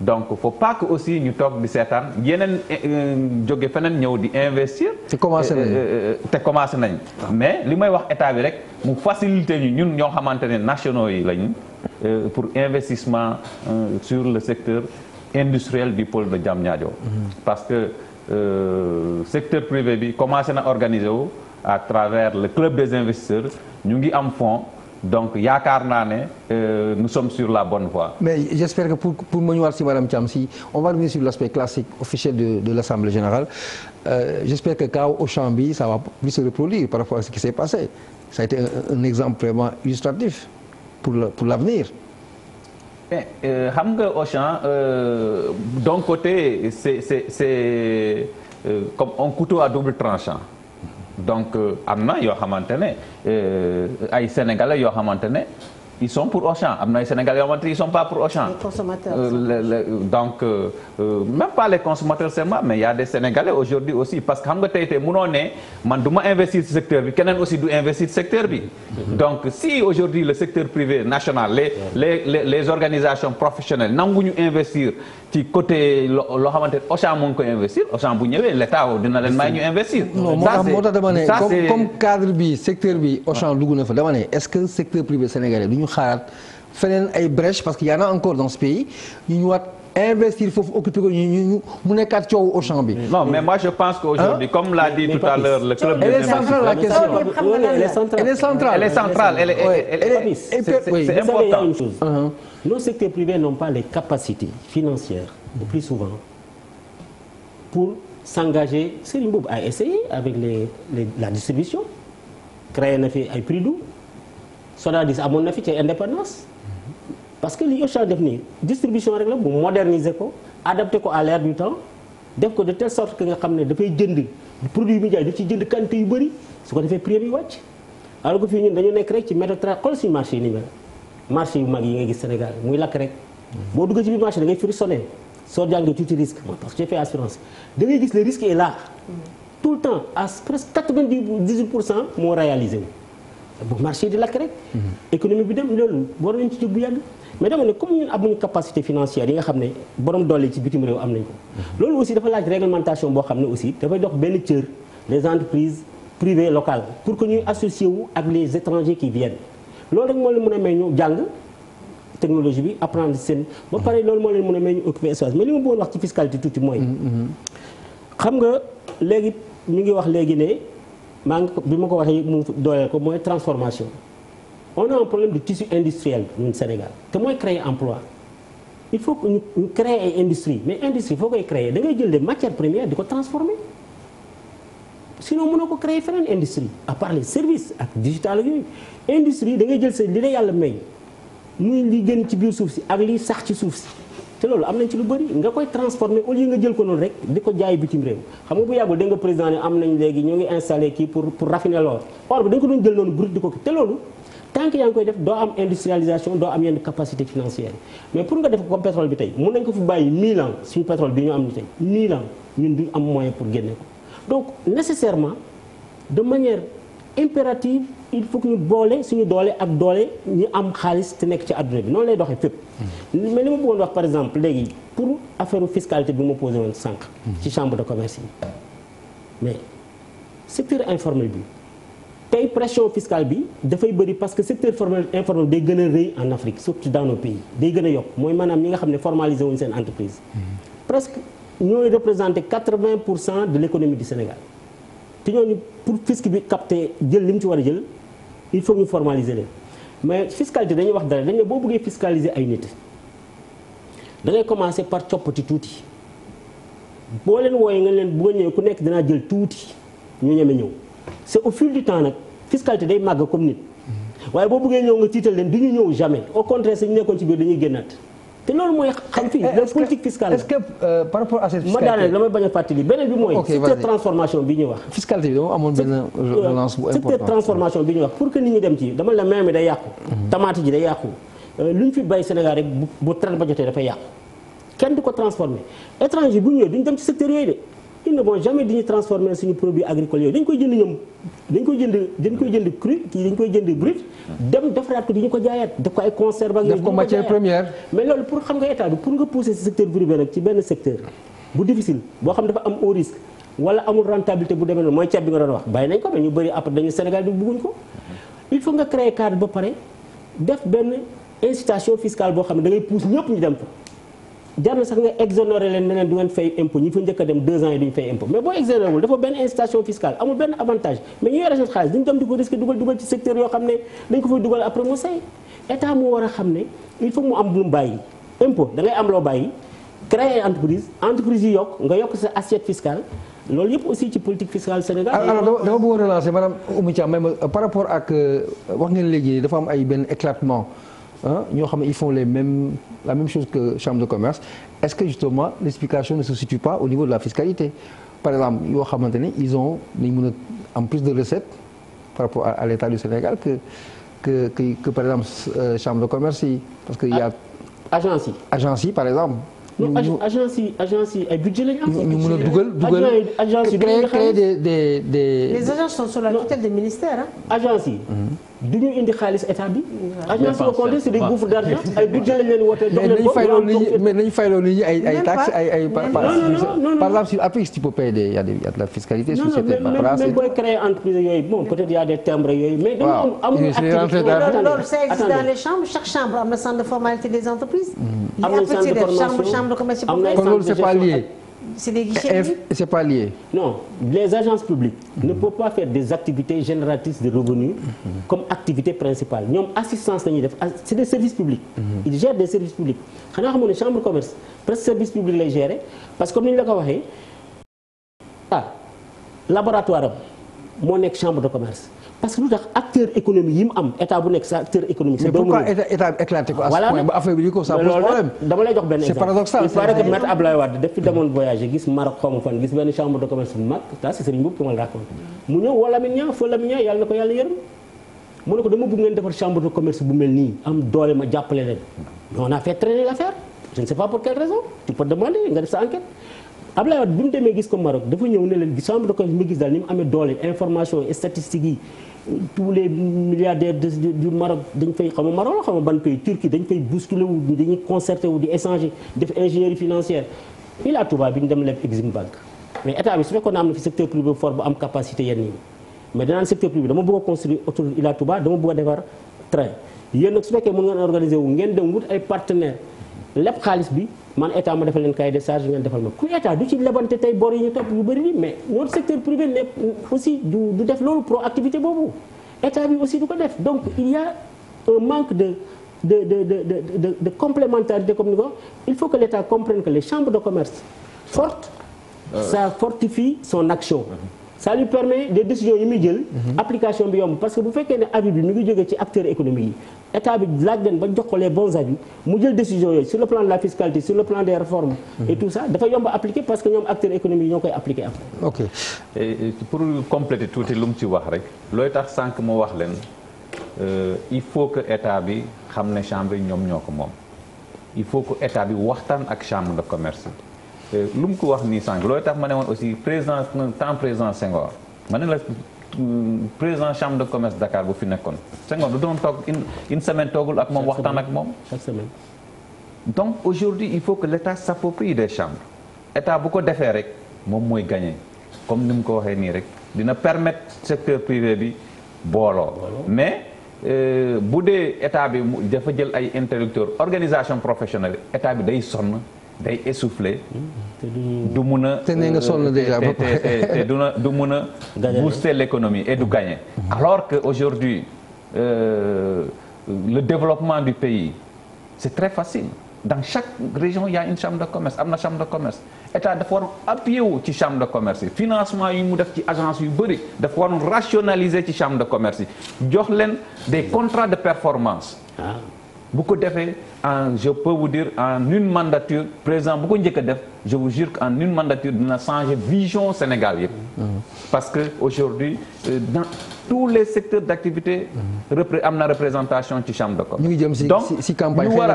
donc faut pas que aussi ñu toog di seetaan yeneen eh, euh, jóge feneen ñëw di investir. te commencé eh, nañ te commencé nañ. Ah. mais li may wax état bi rek mu facilité ñu ñun ñoo xamante ne nationaux yi lañ euh, pour investissement sur le secteur. industriel du pôle de Diamniadio parce que euh, secteur privé bi commencé na organiser wu à travers le club des investisseurs ñu ngi am fonds donc yaakaar naa ne euh, nous sommes sur la bonne voie. mais j'espère que pour pour ma ñëwaat si madame Thiam si on va revenir sur l'aspect classique officiel de l'assemblée générale euh, j'espère que cas Auchan bi ça va plus se reproduire par rapport à ce qui s'est passé ça été un, exemple vraiment illustratif pour l'avenir mais euh, xam nga Auchan euh, d'un côté c'est c'est c'est euh, comme un couteau à double tranchant donc am na yoo xamante ne ay sénégalais yoo xamante ne. ils sont pour Auchan am na ay Sénégalais yoo euh, euh, euh, a des Sénégalais aujourd'hui aussi parce que xam ne man du ma investir ci secteur bi keneen aussi du investir ci secteur le secteur privé national les organisations professionnelles nanguñu investir ci côté loo xamante ne Auchan moo ngi koy investir Auchan bu ñëwee l'État dina leen may investir. ça moo tax dama comme cadre bi secteur bi Auchan ah. dugg na fa est-ce que secteur privé sénégalais xaaraat feneen ay brèche parce que y en a encore dans ce pays ñu ñu waat investir foofu occuper ko ñu ñu mu nekkaat coowu au champ bi. non mais moi je pense qu'aujourd'hui comme l'a dit tout à l'heure le club. elle est centrale la question elle est centrale elle est centrale elle est c'est important. une chose uh-huh. nos secteurs privés n'ont pas les capacités financières le plus souvent pour s'engager Serigne Boub a essayé avec les la distribution créé na fi ay prix doux Sonadis amoon na fi ci indépendance parce que li Auchan def nii distribution rek la bu moderniser ko adapté ko à l'ère du temps def ko de telle sorte que nga xam ne dafay jënd produit yi muy jaay daf ci jënd quantité yu bëri su ko defee prix bi wàcc alors que fi ñun dañu nekk rek ci méthode tra xool si marché yi ni marché yu mag yi nga gis Sénégal muy lakk rek boo duggee ci biir marché da ngay frissonné soo jàngee tuuti risque moi parce que j'ai fait assurance da ngay gis le risque est là tout le temps à pour cent moo réalisé bu marché di lakk rek. Mhm. économie bi dem loolu war nañ ci jóg bu yàgg. mais dama ne comme ñun amuñu capacité financière yi nga xam ne borom doole ci bitim réew am nañ mhm. loolu aussi dafa laaj réglementation boo xam ne aussi dafay dox benn cër les entreprises privées locales pour que ñuy associé wu ak les étrangers qui viennent loolu rek moo leen mun a may ñu jàng. technologie bi apprendre seen ba mhm. pare loolu moo leen mën a may ñu occuper espace mais li ma bëggoon wax ci fiscalité tuuti xam nga léegi ñu ngi wax léegi ne maa ngi bi ma ko waxee mu dooleel ko mooy transformation on a un problème de tissu industriel ñun Sénégal te mooy créer emploi il faut que ñu créer ay industrie mais industrie foo koy créer da ngay jël des matières premières di ko transformer sinon mënoo ko créer feneen industrie à part les ak digital yooyu industrie da ngay jël sa li la yàlla may muy li gën ci biir suuf si ak li sax ci suuf si te loolu am nañ ci lu bëri nga koy transformer au lieu nga jël ko noonu rek di ko jaay bitim réew xam nga bu yàggul dégg nga président ne am nañ léegi ñoo ngi installé kii pour pour raffiner or bi dañ ko doon jël noonu brut di ko te loolu tant yaa ngi koy def doo am industrialisation doo am yenn capacité financière mais pour nga def ko pétrole bi tey mun nañ ko fi bàyyi 1000 ans suñu pétrole bi ñu am ñu tey 1000 ans ñun am moyen pour génne ko impérative il faut que ñu boole suñu doolee ak doole ñu am xaalis te nekk ci àdduna bi noonu lay doxee fépp. mais li ma bëggoon wax par exemple léegi pour affaire fiscalité bi ma posé woon sànq. ci chambre de commerce yi mais secteur informe bi tey pression fiscale bi dafay bëri parce que secteur formel informel day gën a rëy en Afrique surtout dans nos pays day gën a yokk mooy maanaam ñi nga xam ne formalisé wuñ seen entreprise. Mm-hmm. presque ñooy représenté 80 pour cent de l' économie du ñoo ñooñu pour fisc bi capter jël li mu ci war a jël il faut ñu formaliser leen mais fiscalité dañuy wax dara dañ boo bëggee fiscaliser ay nit da ngay commencer par coppati tuuti boo leen wooyee nga leen bu nga ñëwee ku nekk danaa jël tuuti ñu ñeme ñëw c'est au fil du temps nag fiscalité day màgg comme nit mm-hmm. waaye boo bëggee ñëw nga tiital leen du ñu ñëw jamais au contraire sañu nekkoon ci biir dañuy génnaat te loolu mooy xam fii eh, la politique fiscale euh, ma daaneel damay bañ a fàttali beneen bi mooy. secteur transformation bi ñuy wax. fiscalité bi dama amoon benn relance bu euh, important secteur dem ci dama la main mi day yàqu. Mhm. tamaate ji day yàqu euh, lu ñu fi bay Sénégal rek bu bu ba jotee dafay yàqu kenn ko transformer étranger bu ñëwee duñ dem ci secteur yooyu de. ils ne vont jamais dañuy transformer suñu produit agricole yooyu dañ koy jënd ñoom dañ koy jënd dañ koy jënd cru kii dañ koy jënd brut dem defaraat ko di ñu ko jaayaat daf ko ay conserve def ko matière première mais loolu pour nga état bi pour nga pousser si secteur privé rek ci benn secteur bu difficile boo xam dafa am au risque wala amul rentabilité bu demee noonu mooy ceeb bi nga doon wax bàyyi nañ ko mais ñu bëri dañu Sénégal bi bëgguñ ko il faut nga créer cadre ba def benn incitation fiscale boo xam ne dangay ngay pousse ñëpp ñu dem jar na sax nga exonéré leen ne leen du ngeen fay impôt ñi fa njëkk a dem deux ans yi duñ fay impôt mais boo exonéré dafa benn incitation fiscale amul benn avantage mais ñu yore seen xaalis dañu dem di ko risque dugal dugal ci secteur yoo xam ne dañ ko fay dugal après mu say état moo war a xam ne il faut mu am lu mu bàyyi impôt da am loo bàyyi créer entreprise entreprise yi yokk nga yokk sa assiette fiscale loolu yëpp aussi ci politique fiscale Sénégal. Ah, alors dafa bëggoon relancer euh, par rapport ak euh, wax ngeen léegi dafa am ay benn éclatement. ñoo xam ne ils font les mêmes la même chose que chambre de commerce est-ce que justement l'explication ne se situe pas au niveau de la fiscalité par exemple yoo xamante ne ils ont nañ mën a am plus de recettes par rapport à l'État du Sénégal que par exemple euh, chambre de commerce yi parce que il ah, agence yi yi par exemple non agence yi agence yi ay budget lañu ñu mën a dugal dugal agence yi créer des des des. les agences sont sous la tutelle des ministères ah. agence yi. Mhm. du ñu indi xaalis état bi. agence de compte c'est des gouffres d'argent ay budget lañ leen woote. jox leen ko mais nañu fayloo nit ñi ay ay taxes ay ay. par exemple sur Apix tu peux payer des y a de la fiscalité. sur cette place même booy créer entreprise yooyu bon peut-être y a des timbres yooyu. mais dañoo amul activité loolu ça existe dans les chambres chaque chambre am na centre de formalité des entreprises. Mm. am na centre de formation am na centre de gestion am na centre de gestion kon loolu c'est pas lié. c'est des guichets pas lié. non les agences publiques. ne peuvent pas faire des activités génératrices de revenus. comme activité principale ñoom assistance la ñuy def c'est des services publics. Mmh. ils des services publics xanaa xamoon ne chambre de commerce presque service public lay gérer parce que comme ni ñu la ko waxee ah am moo nekk chambre de commerce. parce que lu tax acteur économique yi mu am état bu nekk sa acteur économique. mais pourquoi état ba affaire bi di ko ça pose problème. dama lay jox benn exemple de commerce bu mag ça c'est Serigne Mboup ki ma la raconte. mu ñëw wala Lamine Niang fa Lamine Niang yàlla na ko yàlla yërëm mu ne ko dama bëgg ngeen defar chambre de commerce bu mel nii am doole ma jàppale leen. mais on a fait traîner l'affaire je ne sais pas pour quelle raison tu peux demander nga def sa enquête. tous les milliardaires de du Maroc dañ fay xama Maroc la xama ban pays Turquie dañ fay bousculer wu dañuy concerté wu di échanger def ingénierie financière fii laa Touba bi ñu dem leb Exim Bank mais état bi su fekkoon ne am na fi secteur privé fort bu am capacité yenn yi mais danaan secteur privé dama bëgg a construire autoroute dama bëgg defar train yéen su fekkee mën ngeen organiser wu ngeen dem wut ay partenaire lépp xaalis bi man état ma defal leen cahier de charge ngeen defal ma ku état du ci lebante tey bor yi ñu topp yu bëri nii mais notre secteur privé ne aussi du du def loolu proactivité boobu état bi aussi du ko def donc il y un manque de de de de de de, de complémentarité comme ni ko il faut que l'état comprenne que les chambres de commerce fortes. Euh. ça fortifie son action. Mhm. ça lui permet des décisions yi muy jël. Mhm. application bi yomb parce que bu fekkee ne avis bi mi ngi jógee ci acteurs économiques yi état bi laaj leen ba jox ko les bons mu jël décision yooyu sur le plan de la fiscalité sur le plan des réformes. et mhm. tout ça dafa yomb appliquer parce que ñoom acteurs économiques yi ñoo koy appliquer après. pour compléter tuuti lu mu ci wax rek looy tax sànq mu wax leen euh, il faut que état bi xam ne chambre yi ñoom ñoo ko moom il faut que état bi waxtaan ak chambre de commerce Euh, lu mu ko wax nii sànq looy tax ma ne woon aussi président temps président Senghor ma ne la euh, président chambre de commerce Dakar bu fi nekkoon Senghor du doon toog une semaine toogul ak moom waxtaan ak moom chaque semaine donc aujourd'hui il faut que l'état s'approprie des chambres état bu ko defee rek moom mooy gagné comme ni mu ko waxee nii rek dina permettre secteur privé bi booloo mais euh, bu dee état bi dafa jël ay interlocuteurs organisation professionnel état bi day sonn day essoufflé. du mun a te nee nga sonn euh, déjà ba pare du mun a. booster l'économie et du gagner. alors que aujourd'hui euh, le développement du pays c'est très facile dans chaque région il y a une chambre de commerce am na chambre de commerce état dafa waroon appuyer wu ci chambre de commerce yi financement yi mu def ci agence yu bëri dafa waroon rationaliser ci chambre de commerce yi jox leen des contrats de performance. Ah. bu ko defee en je peux vous dire en une mandature président bu ko njëkk a def je vous jure qu'en une mandature dina changer vision Sénégal yëpp mhm. parce que aujourd'hui euh, dans tous les secteurs d'activité mhm. am na représentation ci chambre de commerce ñu ngi jëm ci ci campagne ñu war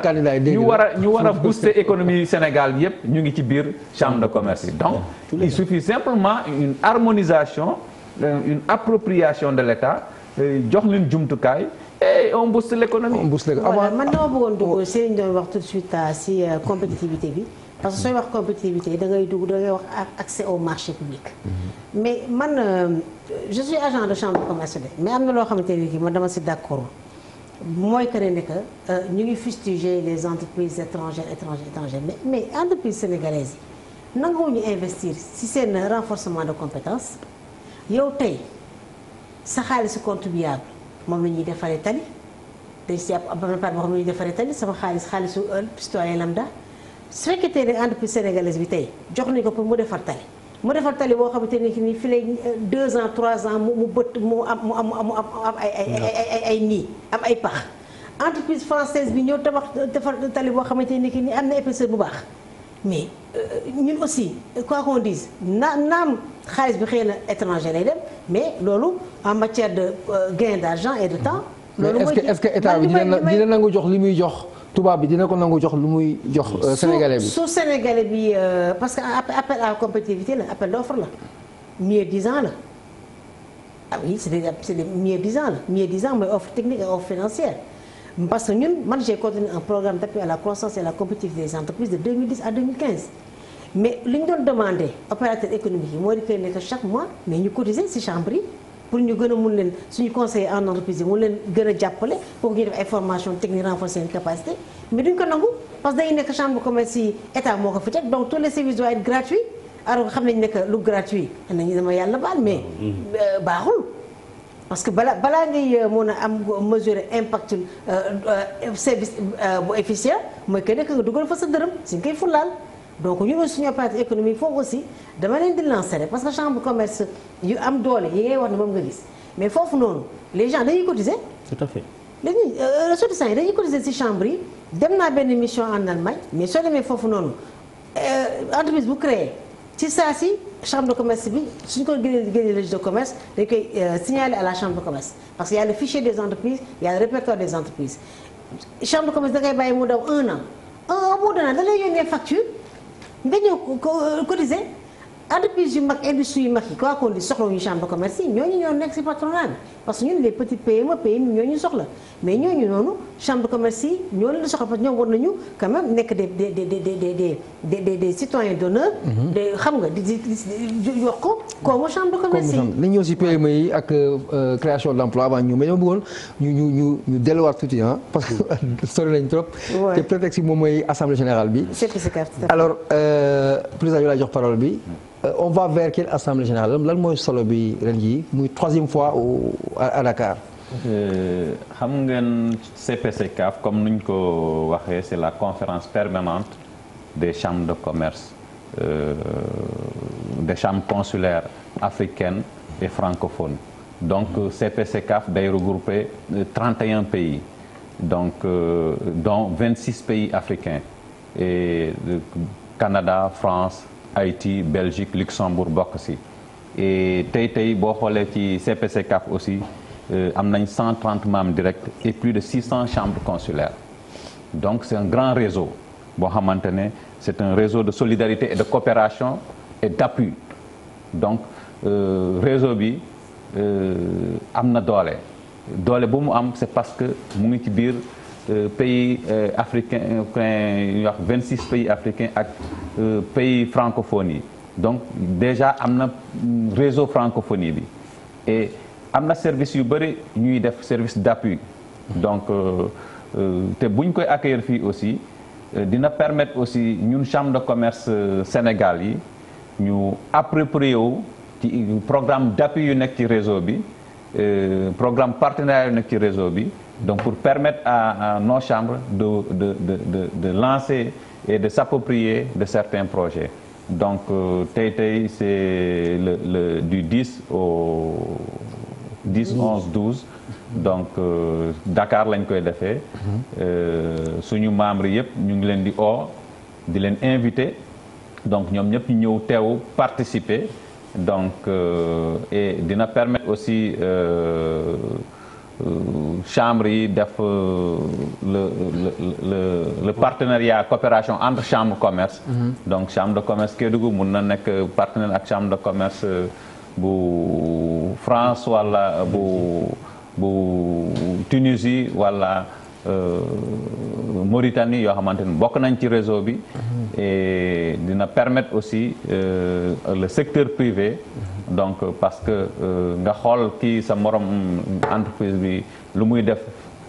a ñu war a économie Sénégal yëpp ñu ngi ci biir chambre de commerce yi donc il suffit simplement une harmonisation euh, une appropriation de l'État euh, jox leen jumtukaay et on booste l'économie. on booste l'économie ah, voilà man dama bëggoon dugg si liñ doon wax tout de suite euh, si euh, compétitivité bi parce que sooy wax compétitivité da ngay dugg da wax accès au marché public. Mhm. mais man euh, je suis agent de chambre de commerce de mais am na loo xamante ne kii man dama si d'accord mooy que ne que ñu ngi fustiger les entreprises étrangères étrangères étrangères mais mais entreprises sénégalaises yi nanguwuñu investir si seen renforcement de compétences yow tey sa xaalisu contribuable. moom la ñuy defaree tali te si ab benn part boo xam ne ñuy defaree tali sama xaalis xaalisu ël citoyen lambda su fekkee ne entreprise sénégalaise bi tey jox nañ ko pour mu defar tali mu defar tali boo xamante ne ni fi lay euh, deux ans trois ans mu bët mu am mu am mu am ay ay ay nii am ay pax entreprise française bi ñëw tabax defar tali boo xamante ne ni am na épaisseur bu baax. mais euh, ñun aussi quoi qu'on dise na xaalis bi xëy na étranger lay dem mais loolu en matière de euh, gain d'argent et de temps. loolu mooy est-ce que état bi dina dina nangu jox li muy jox. tubaab bi dina ko nangu jox lu muy jox. Euh, sénégalais bi su sénégalais bi parce que appel à compétitivité la appel d'offre la mieux disant la ah oui c'est des c'est des mieux mooy offre technique et offre financière. parce que ñun man j'ai coordonné un programme d'appui à la croissance et à la compétitivité des entreprises de 2010 à 2015 mais li ñu doon demandé opérateur économique yi moo di koy nekk chaque mois mais ñu cotiser ci chambre yi pour ñu gën a mun leen suñu conseiller en entreprise yi mun leen gën a jàppale pour ñu def ay formation technique renforcer seen capacité mais duñ ko nangu parce que dañuy nekk chambre commerce yi état moo ko fi teg donc tous les services parce que balaa balaa ngay euh, mun a am euh, mesurer impact euh, service bu efficient mooy que nekk nga dugal fa sa dërëm si nga koy fulaal donc ñu ne suñu opérateur économique foofu aussi dama leen di lancer rek parce que chambre commerce yu am doole yi ngay wax ne moom nga gis mais foofu noonu les gens dañuy cotiser. tout à si chambre yi dem naa benn mission en Allemagne mais soo demee foofu noonu entreprise bu créé ci saa si. chambre de commerce bi suñ ko génnee génnee registre de commerce dañ euh, à la chambre de commerce parce que y a le fichier des entreprises y a le répertoire des entreprises chambre de commerce da ngay bàyyi mu daw un an un au bout d'un an da lay yónnee entreprise ah, yu mag industrie yu mag yi quoi qu'on dise yi ñooñu ñoo nekk ci parce que ñun les petites PME PMI ñooñu soxla mais ñooñu noonu chambre de commerce yi ñoo leen soxla parce que ñoom war nañu quand même nekk des des des des des des des citoyens d'honneur. Mhm. des xam nga di di di yokk ko koomu chambre de commerce yi. li ñëw ci PME yi ak euh, euh, création d'emploi avant ñu mais dama bëggoon ñu ñu ñu ñu delluwaat tuuti ah parce que sori nañ trop. te prétexte moom mooy assemblée général bi. c'est alors euh, président ñu lay jox parole bi. Euh, on va vers quelle assemblée générale lan mooy solo bi ren jii muy troisième fois au à Dakar. xam ngeen comme nuñ ko waxee c'est la conférence permanente des chambres de commerce euh, des chambres consulaires africaines et francophones donc CPCCAF day regrouper 31 euh, pays donc dont 26 pays africains et Canada France. Haïti Belgique Luxembourg bokk si et tey tey boo xoolee ci CPC CAF aussi euh, am nañ 130 membres directs et plus de 600 chambres consulaires donc c'est un grand réseau boo xamante ne c'est un réseau de solidarité et de coopération et d'appui donc euh, réseau bi euh, am na doole doole bu mu am c'est parce que mu ngi ci biir Euh, pays euh, africain euh, ñuy wax 26 pays africains ak pays francophones yi donc déjà am na réseau francophonie bi e am na service yu bëri ñuy def service d'appui donc te bu ñu koy accueillir fii aussi dina permettre aussi ñun chambre de commerce Sénégal yi ñu approprier wu ci programme d'appui yu nekk ci réseau bi Euh, programme partenariat yu nekk ci réseau bi donc pour permettre à, à nos chambres de de de de de lancer et de s'approprier de certains projets donc euh, tey tey c'est le le du 10 au 10 donc euh, Dakar lañ koy defee mhm. euh, suñu membres yëpp ñu ngi leen di oo di leen invité donc ñoom ñëpp ñu ñëw teew participer donc euh, dina permettre aussi euh, euh chambre yi def euh, le le le le partenariat coopération entre chambre commerce. Mm-hmm. donc chambre de commerce Kédougou mun na nekk partenaire ak chambre de commerce euh, bu France wala bu bu Tunisie wala. Euh, Mauritanie yoo xamante ni bokk nañ ci réseau bi. Mhm. et dina permettre aussi euh, le secteur privé. Mhm. donc parce que euh, nga xool kii sa morom entreprise bi lu muy def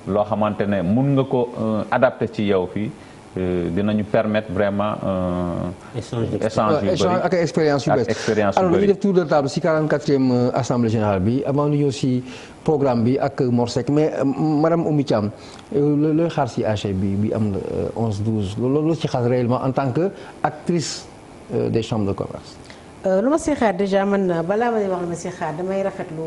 loo xamante ne mun nga ko adapté ci yow fii. Euh, dinañu permettre vraiment. Euh, échange échange yu bëri ak expérience yu bees expérience alors dañuy def e assemblée générale bi avant ñu ñëw si programme bi ak Mor mais madame Oumy Thiam loolu si xaar réellement en tant que actrice des chambres de commerce. lu ma si xaar déjà man balaa may wax lu ma si xaar damay rafetlu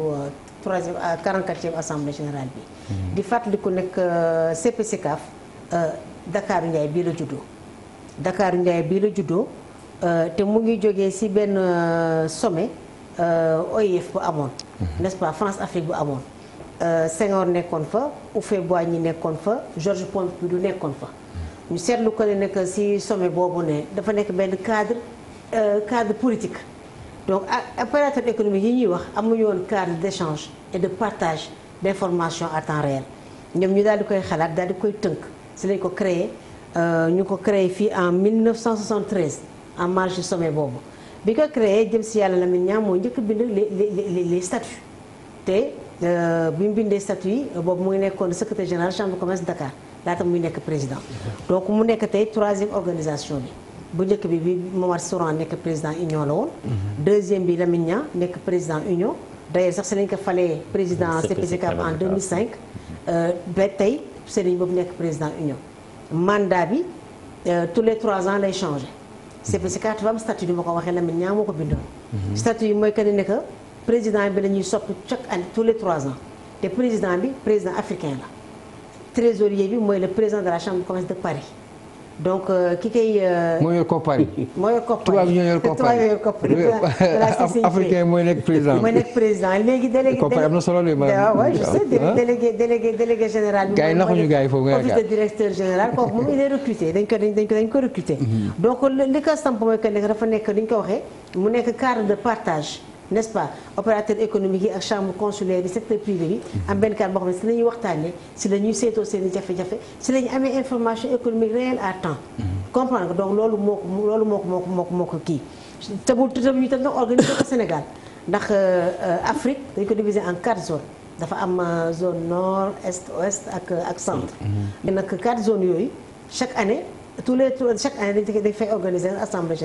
troisième quarante assemblée générale bi. Mm-hmm. di fàttaliku nekk CPCCAF. Dakar Ndiaye bii la juddoo Dakar Ndiaye bii la juddoo euh, te mu ngi jógee ci benn euh, sommet euh, OIF bu amoon. Mhm. n'est-ce pas France Afrique bu amoon. Senghor nekkoon fa houphouët ñi nekkoon fa Georges Pompidou nekkoon fa. Mhm. ñu seetlu ko ne nekk ci sommet boobu ne dafa nekk benn cadre cadre politique. donc opérateur économie yi ñuy wax amuñu woon cadre d'échange et de partage d'informations à temps réel ñoom ñu daal di koy xalaat daal di koy tënk. si lañ ko créé euh, ñu ko créé fii en 1973 en marge du boobu bi ko créé jëm si yàlla Lamine Niang mooy njëkk bind les les statuts te euh, bi mu bindee statuts yi boobu mu nekkoon secrétaire général chambre de commerce laata muy nekk président donc mu nekk tey troisième organisation bi bu njëkk bi bi Momar Souran nekk président union la woon mhm. deuxième bi Lamine Niang nekk président union d'ailleurs sax si lañ ko falee président CPCCAF en cinq euh, ba tey Serigne boobu nekk président union mandat bi euh, tous les trois ans lay changé CPC4 ba am statut bi ma ko waxee Lamine ñaa moo ko bindoon. Mhm. statut yi mooy que ne que président bi la ñuy soppi chaque année tous les trois ans te président bi président africain la trésorier bi mooy le président de la chambre de de Paris. donc ki koy. moo yor koppar yi. moo yor koppar yi tubaab ñoo africain mooy nekk président mooy nekk président léegi délégué. koppar am na solo de maanaam. waaw je ah. sais délégué délégué général. gars yi naxuñu gars yi foofu nga yaakaar office de directeur général kooku dañ ko dañ ko dañ ko recruté. Mhm. donc li ko samp mooy que dafa nekk ni ko waxee mu nekk cadre de partage. n'est-ce pas opérateur économique yi ak chambre consulaire yi secteur privé bi am benn kàddu boo xam ne si la ñuy waxtaanee si la seetoo seen i jafe-jafe si la amee information économique réelle à temps mm-hmm. comprendre nga loolu moo ko loolu moo ko moo ko moo ko kii te bu tam ñu tam nag organiser ko Sénégal ndax euh, euh, Afrique dañ ko diviser en quatre zone dafa am euh, zone nord est ouest ak ak centre mais mm-hmm. nag quatre zones yooyu chaque année tous les chaque année dañ fay organiser assemblée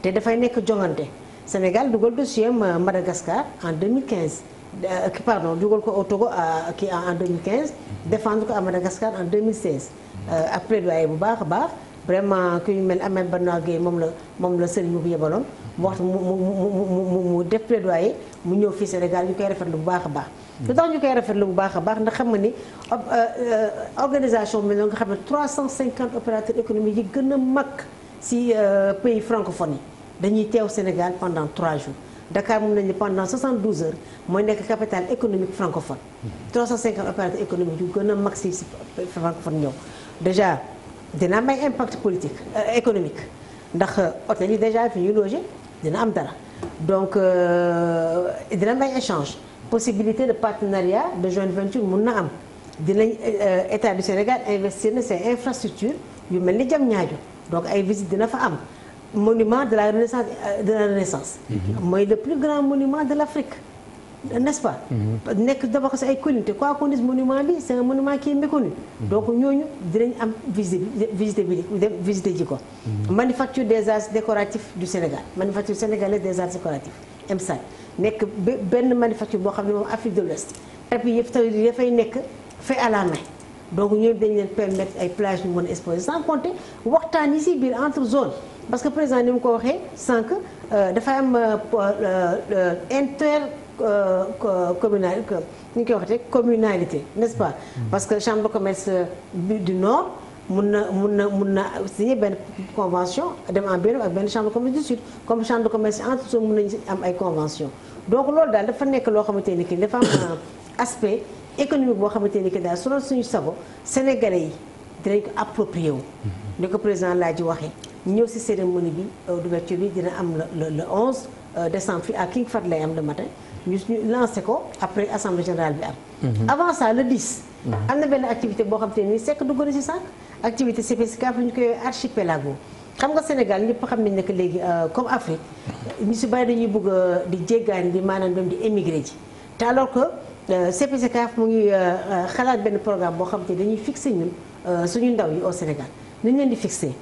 te dafay nekk jongante Sénégal dugal dossier Madagascar en 2015 euh, pardon dugal ko au Togo euh, kii en 2015 défendre ko à Madagascar en 2016 euh, ak plaidoyer bu baax a baax vraiment ku ñu mel Ahmed Bernard Gueye moom la moom la sëriñ bu yebaloon mu wax mu mu mu mu def plaidoyer mu ñëw fii Sénégal ñu koy rafetlu bu baax a baax lu tax ñu koy rafetlu bu baax a baax ndax xam nga ni organisation bi nga xam ne 350 opérateurs économiques yi gën a mag si pays francophones yi dañuy teew Sénégal pendant 3 jours Dakar moom nañu pendant 72 heures mooy nekk capitale économique francophone 350 opérateurs économiques yu gën a mag si francophone ñëw déjà dina am ay impact politique euh, économique ndax euh, hôtel yi déjà fi ñuy dina am dara donc euh, dina am ay échange possibilité de partenariat de joint venture mun na am dinañ état du Sénégal investir na ces infrastructures yu mel ni jam ñaaju donc ay visite dina fa am monument de la renaissance euh, la renaissance. Mhm. mooy le plus grand monument de l' Afrique n'est-ce pas. Mhm. nekk dafa ko si ay collines te quoi qu'on dise monument bi c' est un monument qui est méconnu. Mhm. donc ñooñu dinañ am visite visite bi dem visiter ji ko. manufacture des arts décoratifs du Sénégal manufacture sénégalaise des arts décoratifs MSAD nekk benn manufacture boo xam ne moom Afrique de l'Ouest Ouest. yi yëpp tamit dafay nekk fait à la main. donc ñoom dañ leen permettre ay plages ñu mën a sans compter waxtaan yi si biir entre zone parce que président ni mu ko waxee sànq euh, dafay am euh, euh, inter communal ñu koy waxee communalité n'est-ce pas. Mm-hmm. parce que chambre de commerce du nord mun na mun na mun na signer benn convention dem en bureau ak benn chambre de commerce du sud comme chambre de commerce entre soo mun si am ay convention donc loolu daal dafa nekk loo xamante ni kii dafa am aspect économique boo xamante ni kii daal su suñu sago sénégalais yi dinañ ko wu. Mm-hmm. ni ko président laa ji waxee. ñëw si cérémonie bi euh, d'ouverture bi dina am la le 11 euh, décembre fii à King Fahd lay am le matin ñu ñu lancé ko après assemblée générale bi am. Mhm. avant ça le 10. Mhm. am na benn activité boo xam te ni sekk dugg na si sànq activité CPSCAF ñu koy archipelago xam nga Sénégal ñëpp xam nañ ne nekk léegi euh, comme Afrique ñu si bari dañuy bëgg di jéggaan di maanaam dem di émigré ji te ko que CPSCAF mu ngi xalaat benn programme boo xam te dañuy fixé ñun suñu ndaw yi au Sénégal nañ leen di fixé.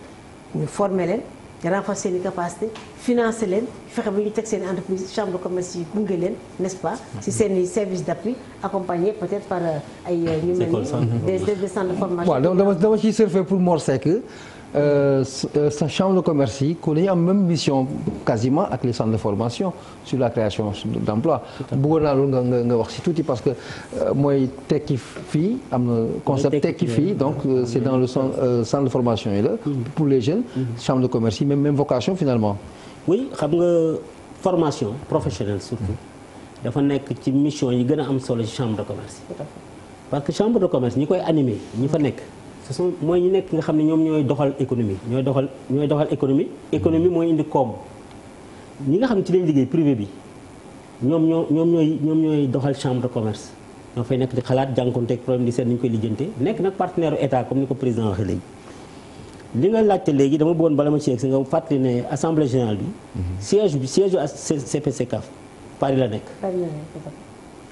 forme former leen renforcer seen i capacité finance leen fexe ba ñu teg seen entreprise chambre de commerce yi leen n'est-ce pas si seen service d'appui accompagné peut-être par euh, ay ñu mel ni des centres de formation waaw dama dama ciy surfer pour Euh, euh, sa chambre de commerce yi ko dañu am même mission quasiment ak les centres de formation sur la création d' emploi bëggoon naa loolu nga nga wax si tuuti parce que euh, mooy tekki fii am na concept tekki fii donc c' dans le centre de formation yi la mm-hmm. pour les jeunes mm-hmm. chambre de commerce yi même même vocation finalement oui xam nga formation professionnelle surtout mm-hmm. dafa nekk ci mission yi gën a am solo ci chambre de commerce parce que chambre de commerce ñi koy animé ñi fa nekk ce mooy ñi nekk nga xam ne ñoom ñooy doxal économie ñooy doxal ñooy doxal économie économie mooy indi koom ñi nga xam ne ci lañ liggéey privé bi ñoom ñoo ñoom ñooy ñoom ñooy doxal chambre de commerce ñoo fay nekk di xalaat jànkonteeg problème di seet ni koy lijjante nekk nag partenaire état comme ni ko président waxee léegi li nga laajte léegi dama bëggoon bala ma ci yegg si nga fàttali ne assemblée générale bi mhm. siège bi siège u CPCAF Paris la nekk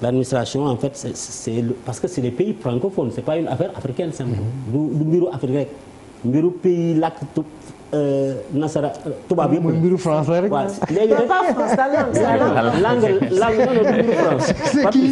l'administration en fait c'est parce que c'est les pays francophones c'est pas une affaire africaine simple mhm. du mbiru Afrique rek mbiru pays làkk Euh, nasara euh, tubaab yëpp. mooy mbiru France la rek. waaw léegi nag langue langue non non du mbiru France. c'est qui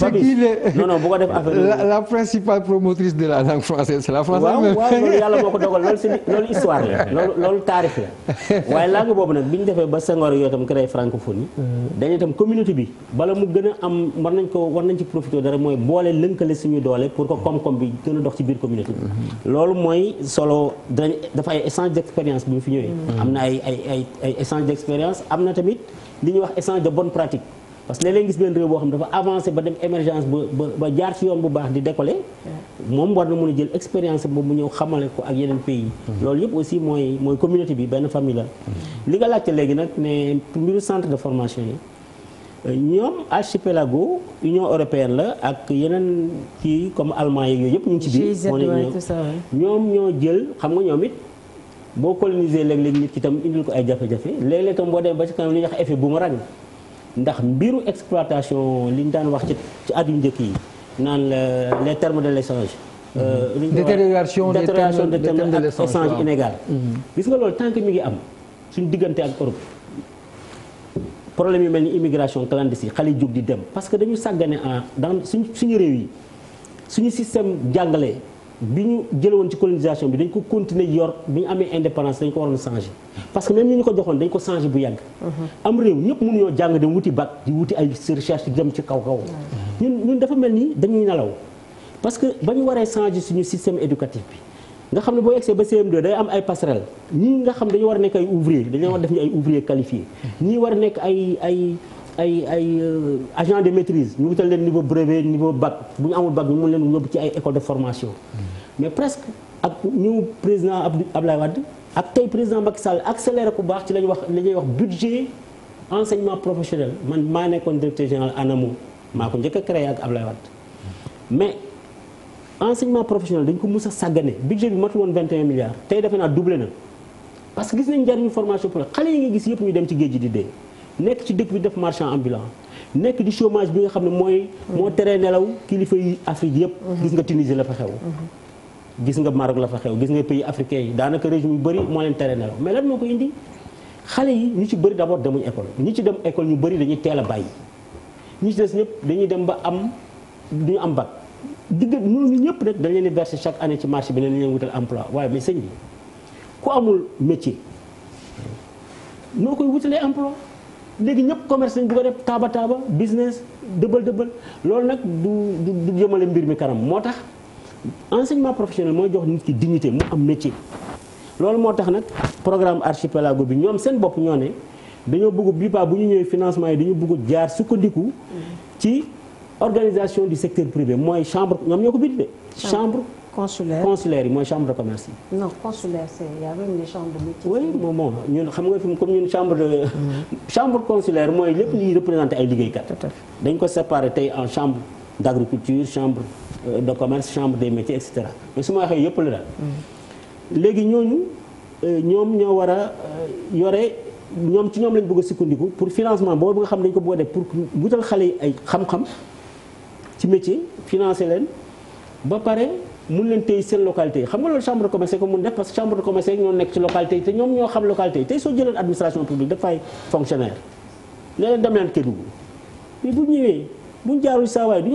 c'est qui le non non bu ko def affaire la principale promotrice de la langue française c'est la France. waaw waaw loolu yàlla moo ko dogal loolu si loolu histoire la loolu loolu taarix la waaye langue boobu nag bi ñu defee ba Senghor yoo itam créé francophonie. Hmm. dañu itam communauté bi bala mu gën a am war nañ ko war nañ ci profité dara mooy boole lënkale suñu doole pour que koom-koom bi gën a dox ci biir communauté bi. Hmm. loolu mooy solo dafa ay échange expérience bi mu fi ñëwee. Mm. am na ay ay ay ay am na tamit li ñuy wax échange de bonne pratique parce que léeg-léeg gis benn réew boo xam dafa avancé ba dem émergence ba ba jaar ci yoon bu baax di décoller moom war na mën a jël expérience boobu mu ñëw xamale ko ak yeneen pays yi. Mm. loolu yëpp aussi mooy mooy communauté bi benn famille la. Mm. li nga laajte léegi nag ne mbiru centre de formation yi. ñoom archipelago union européenne la ak yeneen ci comme allemand yeeg yooyu yëpp ñu ngi ci biir. moo ne boo coloniser léeg-léeg nit ki tam indil ko ay jafe-jafe léeg-léeg tam boo demee ba ci kanam li ñuy wax effet boomerang ndax mbiru exploitation li ñu daan wax ci ci at njëkk yi naan la les termes de l' échange. Euh, détérioration des termes des termes de l' échange inégal. Mm-hmm. gis nga loolu tant que mi ngi am suñu diggante ak Europe problème yu mel ni immigration clandestine xale jug di dem parce que dañu sàggane en dans suñu suñu réew yi suñu système jàngale. bi ñu jële ci colonisation bi dañ ko continuer yor bi ñu amee indépendance dañ ko waroon changer parce que même ñi ñu ko joxoon dañ ko changer bu yàgg am réew ñëpp mënuñoo jàng dem wuti bac di wuti ay recherche di dem ci kaw kaw ñun ñun dafa mel ni dañuy nelaw parce que ba ñu waree changer suñu système éducatif bi nga xam ne boo yegsee ba CM2 day am ay passerelle ñii nga xam dañu war a nekk ay ouvrier dañu war def ñu ay ouvrier qualifié a nekk ay ay ay euh, agent de maîtrise ñu wutal leen niveau brevet niveau bac bu ñu amul bac ñu mën leen yóbbu ci ay école de formation hmm. mais presque ak ñëw président Abdou Abdoulaye Wade ak tey président Macky Sall accéléré ku baax ci la ñuy wax la ñuy wax budget enseignement professionnel man maa nekkoon directeur général ANAMO maa ko njëkk a créé ak Abdoulaye Wade mais enseignement professionnel dañ ko mus a sàggane budget bi matul woon 21 milliards tey defe naa doublé na parce que gis nañ njariñu formation pour xale yi ñu dem ci géej gi di dee nekk ci dëkk bi def marchand ambulant nekk di chômage bi nga xam ne mooy. moo teree nelaw kilifa yi Afrique yëpp. gis nga Tunisie la fa xew. gis nga Maroc la fa xew gis nga pays africain yi daanaka régime yu bëri moo leen teree nelaw mais lan moo ko indi xale yi ñu ci bëri d' abord demuñu école ñu ci dem école ñu bëri dañuy teel a bàyyi ñu ci des ñëpp dañuy dem ba am ñu am bac diggante ñooñu ñëpp nag dañ leen di verser chaque année ci marché bi ne leen wutal emploi waaye mais sëñ bi ku amul métier léegi ñëpp commerce lañ bëgg a taaba taaba business dëbal dëbal loolu nag du du jëmale mbir mi kanam moo tax enseignement professionnel mooy jox nit ki dignité mu am métier. loolu moo tax nag programme archipelago bi ñoom seen bopp ñoo ne dañoo bëgg bi bu ñu ñëwee financement yi dañu bëgg jaar sukkandiku mm-hmm. ci organisation du secteur privé mooy chambre ñoom ñoo ko bind de chambre consulaire consulaire yi mooy chambre de commerce yi. non consulaire c'est il y a même les chambres de métier. oui moom moom ñun xam nga fi comme chambre de. Mm-hmm. chambre consulaire mooy lépp liy représenté ay liggéeykat. dañ ko séparé tey en chambre d'agriculture chambre euh, de commerce chambre des métiers et mais su ma waxee yëpp la daal. Mm-hmm. léegi ñooñu euh, ñoom ñoo war a euh, yore ñoom ci ñoom lañ bëgg sukkandiku pour financement boobu nga xam dañ ko bëgg a def pour wutal xale yi ay xam-xam ci métier financer leen ba pare. mun leen téye seen localité xam nga loolu chambre de commerce ko mun def parce que chambre de commerce yi bu ñu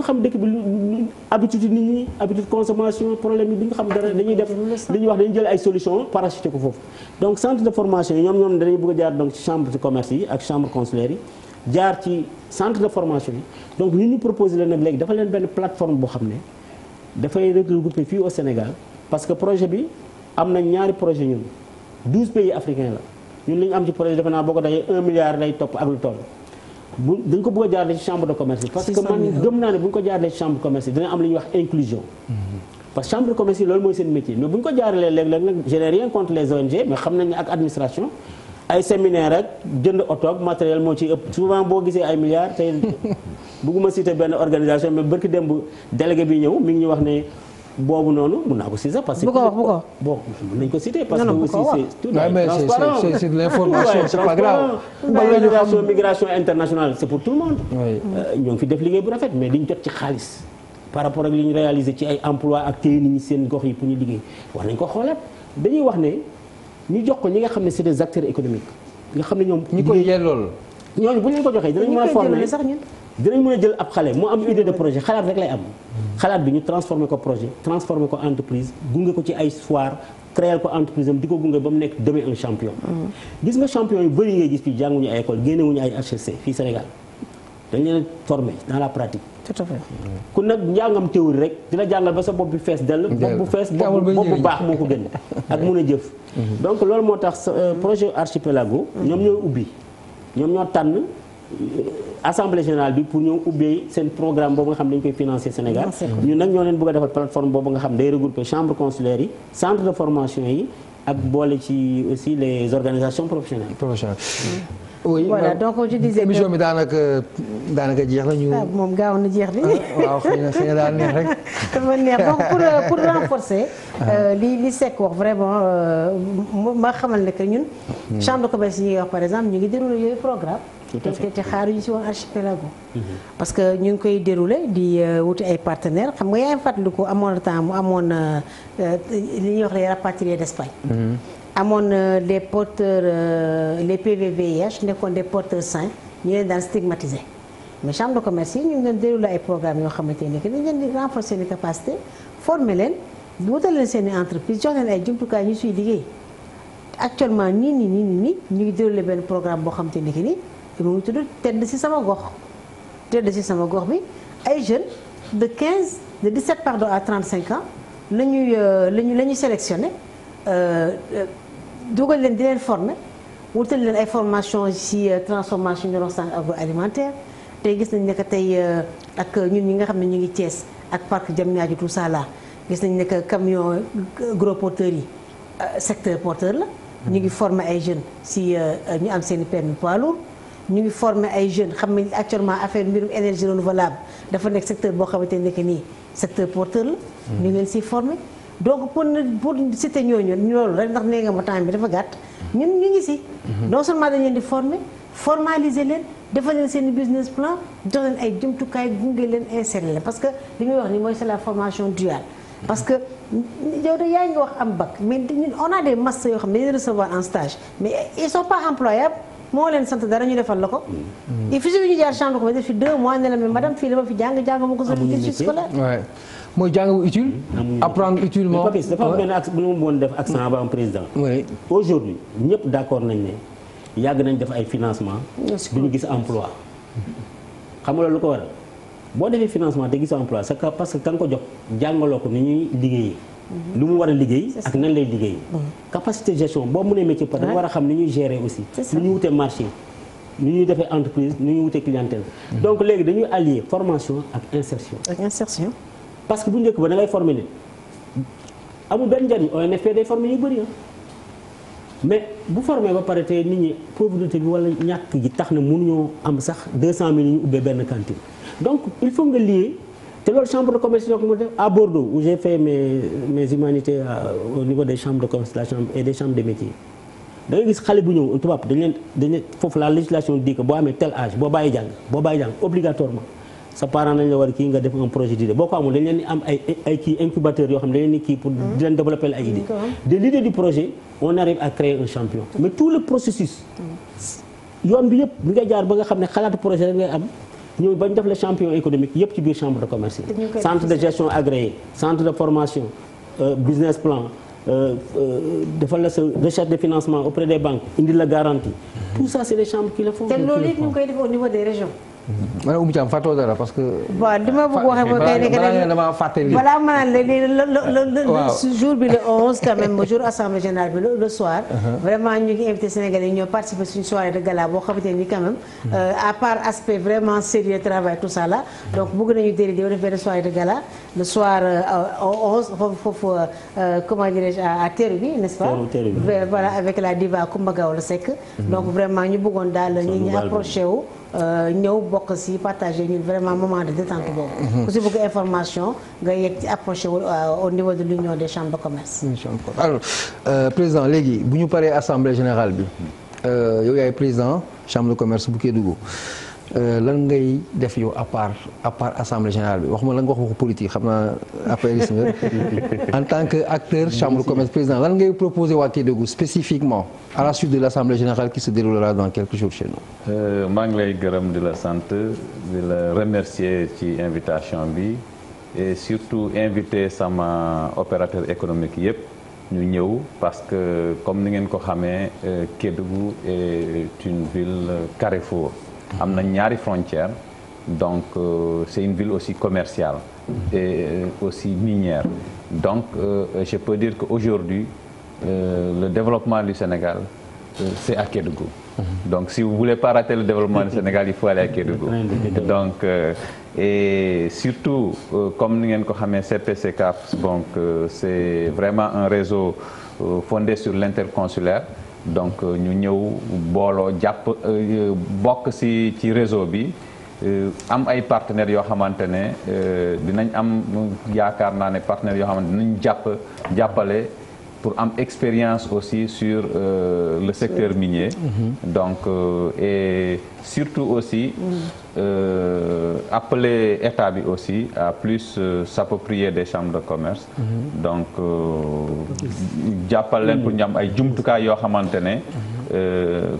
xam bi lu habitude nit ñi habitude consommation problème yi du ñu xam def dañuy wax dañuy jël ay solution parachuté ko foofu donc centre de formation yi ñoom ñoom dañuy bëgg a jaar donc ci chambre de commerce yi ak centre de formation yi donc ñu ñu proposé leen nag léegi dafa leen benn plateforme boo xam ne dafay regrouper fii au Sénégal parce que projet bi am na ñaari projet ñun 12 pays africains la ñun li ñu am ci projet defe naa boo ko dajee 1 milliard lay topp ak lu toll. bu dañ ko bëgg a jaarale ci chambre de commerce parce que man gëm naa ne bu ñu ko jaaralee ci chambre de commerce yi am lu ñuy wax inclusion. parce que chambre de commerce loolu mooy seen métier mais bu ko jaaralee léeg-léeg nag je n'ai rien contre les ONG mais xam nañ ak administration. ay séminaire ak jënd oto matériel moo ci ëpp souvent boo gisee ay milliards tey. bëgguma citer benn organisation mais barki démb délégué bi ñëw mi ngi ñu wax ne boobu noonu mun naa ko citer parce que. bu ko wax bu ko wax bon mun nañu ko citer. parce que aussi c'est tout c'est de l'information c'est pas grave. migration migration internationale c'est pour tout le monde. Euh, ñoo ngi fi def liggéey bu rafet mais diñ jot ci xaalis. par rapport ak li ñu réalisé ci ay emploi ak téye nit ñi seen gox yi pour ñu liggéey war nañ ko xoolaat dañuy wax ne ñu jox ko ñi nga xam ne c'est des acteurs économiques nga xam ne ñoom. ñi koy yellool. ñooñu bu ñu ko joxee dinañ mën a former sax ñun. dinañ mën a jël ab xale mu am idée de projet xalaat rek lay am xalaat bi ñu transformé ko projet transformé ko entreprise gunge ko ci ay foire créer ko entreprise am di ko gunge ba mu nekk demee un champion mm. gis nga champion yu bëri ngay gis fii jànguñu ay école génnewuñu ay HEC fii Sénégal dañ leen formé dans la pratique tout à fait ku nag njàngam théorie rek dina jàngal ba sa bopp bi fees dell bopp bu fees bopp bu baax moo ko gën ak mun a jëf mm-hmm. donc loolu moo tax euh, projet archipelago ñoom ñoo ubbi ñoom ñoo tànn assemblée générale bi pour ñëw ubbee seen programme boobu nga xam ne koy financer Sénégal ñun nag ñoo leen bëgg a defal plateforme boobu nga xam day regrouper chambre consulaire yi centre de formation yi ak boole ci aussi les organisations professionnelles hmm. Oui, donc jeex na ah, moom gaaw na jeex bi. Ah, waaw xëy na xëy na daal neex rek. dafa neex donc pour euh, pour renforcer. Ah. Euh, li li Seck wax vraiment euh, ma xamal ne que ñun. Hmm. chambre de commerce yi ñuy wax par yooyu programme. parce que te xaaruñu si woon archipelago parce que ñu ngi koy déroulé di euh, wuti ay partenaires xam nga yaay fàttali ko amoon temps mu amoon euh, euh, li ñu wax les rapatriés d'Espagne mm-hmm. amoon les porteurs les PVVIH nekkoon des porteurs sains ñu leen daan stigmatisé mais chambre de commerce yi ñu ngi leen déroulé ay programmes yoo xamante ni que dañ leen di renforcer seen capacité former leen wutal leen seen entreprise jox leen jumtukaay ñu suy liggéey actuellement nii nii nii nii ñu ngi déroulé benn programme boo xamante ni nii ni mu ngi tudd tedd si sama gox tedd si sama gox bi ay jeunes de 15 de 17 pardon à 35 ans la ñuy euh, la ñu la ñu sélectionné euh, euh, dugal leen di leen former wutal leen ay formation ci transformation nourrisson alimentaire tey gis nañ ne que tey ak ñun ñi nga xam ne ñu ngi cees ak parc Diamniadio tout ça là gis nañ ne que camion gros porteurs yi secteur porteur la. ñu ngi former ay jeunes si ñu am seen i permis poids ñu ngi former ay jeunes xam ne actuellement affaire mbirum énergie renouvelable dafa nekk secteur boo xamante ne que nii secteur porteur la. Mm-hmm. ñu ngi leen siy na donc si te citer ñooñu loolu rek ndax nee nga ma temps bi dafa gàtt ñun ñu ngi si. Mm-hmm. non seulement dañ leen di former formaliser leen defal leen seen business plan jox leen ay jumtukaay gunge leen insérer leen parce que li muy wax ni mooy c'est la formation duale. Mm-hmm. parce que yow de yaa ngi wax am bac mais ñun on a des yoo xam ne dañuy recevoir mais ils sont pas moo leen sant dara ñu defal la ko. Mm-hmm. il faut que ñu jaar chambre ko ba def fi deux mois ne la mais fii dama fi jàng jàng ma ko sa culture scolaire. mooy jàng bu utile. Mm-hmm. apprendre utilement. mais dafa am benn accent bu ñu mën def accent mm-hmm. avant président. aujourd'hui ñëpp d'accord nañ ne yàgg nañ def ay financement du ñu gis emploi xam nga lu ko waral boo defee financement te gis emploi c'est parce que kan ko jox jàngaloo ko ni ñuy liggéeyee. Mhm. lu mu war a liggéey ak nan lay liggéey mhm. capacité gestion boo mënee métier par dafa war a xam ni ñuy gérer aussi nu ñuy wutee marché nu ñuy defee entreprise nu ñuy wutee clientèle mhm. donc léegi dañuy allier formation ak insertion ak insertion parce que bu njëkk ba da ngay former nit amul benn njariñ ONFP day former ñu bëri ah. mais bu formé ba pare te nit ñi pauvreté bi wala ñàkk gi tax na mënuñoo am sax 200000 ñu ubbee benn cantine donc il faut nga lier te loolu chambre de commerce ñoo ko mën def à Bordeaux où j'ai fait mes humanités euh, au niveau des chambres de commerce la chambre et des chambres de métiers da gis xale bu ñëw tubaab dañ leen foofu la législation dit boo amee tel âge boo bàyyi jàng boo bàyyi jàng obligatoirement sa parent nañ la war kii nga def un projet d'idée boo ko amul dañ leen di am ay ay kii incubateur yoo xam dañ leen di kii pour di mmh. leen développer ay idée de l'idée du projet on arrive à créer un champion mmh. yoon bi yëpp nga jaar ba nga xam ne xalaatu projet rek ngay ñëw bañ def la champion économique yëpp ci biir chambre de commerce yi centre de gestion agréé centre de formation euh, business plan euh, euh, defal la sa recherche de financement auprès des banques indi la garantie mm-hmm. tout ça c'est qui le font te loolu yëpp ñu ngi koy def au niveau des régions ma ne Oumou Thiam dara parce que. bon li ma bëgg waxee ba kay nekk rek balaa fàtte lii. voilà ma ne le jour bi le 11 quand même jour bi le soir. Uh-huh. vraiment ñu ngi invité Sénégalais ñoo participer suñu soirée de gala boo xamante ni quand même. à part aspect vraiment sérieux travail tout ça donc bëgg nañu déri di def benn soirée de gala le soir au eh, foofu eh, comment dirais-je à teru bi n'est-ce pas. teru avec la diva Coumba Gawlo Seck. Mhm. donc vraiment ñu bëggoon daal ñi ñu Euh, ñëw bokk si partager ñun vraiment moment de détente boobu. Mhm. ku si bëgg information nga yegg ci approché euh, au niveau de l'union des chambres de commerce. alors euh, président léegi bu ñu paree assemblée générale bi yow yaay président chambre de commerce bu Kédougou. Euh, lan ngay def yow à part à part assemblée générale bi waxuma la nga wax waxu politique xam naa après en tant que acteur chambre de commerce président lan ngay proposer waa Kédougou spécifiquement à la suite de l' assemblée générale qui se déroulera dans quelques jours chez nous. Euh, maa ngi lay gërëm di la sant di la remercier ci invitation bi et surtout invité sama opérateur économique yëpp. ñu ñëw parce que comme ni ngeen ko xamee euh, Kédougou est une ville carrefour am na ñaari frontière donc euh, c'est une ville aussi commerciale et euh, aussi minière donc euh, euh, je peux dire qu'aujourd'hui euh, le développement du Sénégal euh, c'est à Kédougou mhm. donc si vous voulez pas rater le développement du Sénégal il faut aller à Kédougou donc et surtout comme ni ngeen ko xamee CPCAP donc c'est vraiment un réseau fondé sur l'interconsulaire donc euh, ñu ñëw booloo jàpp euh, bokk si ci réseau bi euh, am ay partenaires yoo xamante ne dinañ am yaakaar naa ne partenaires yoo xamante ne jàpp jàppale pour am expérience aussi sur euh, le secteur minier. Mhm. donc euh, et surtout aussi. Euh, appeler état bi aussi à plus euh, s'approprier des chambres de commerce. Mhm. donc euh, jàppal leen pour mm. ñu am ay jumtukaay yoo xamante ne. Mhm. Euh,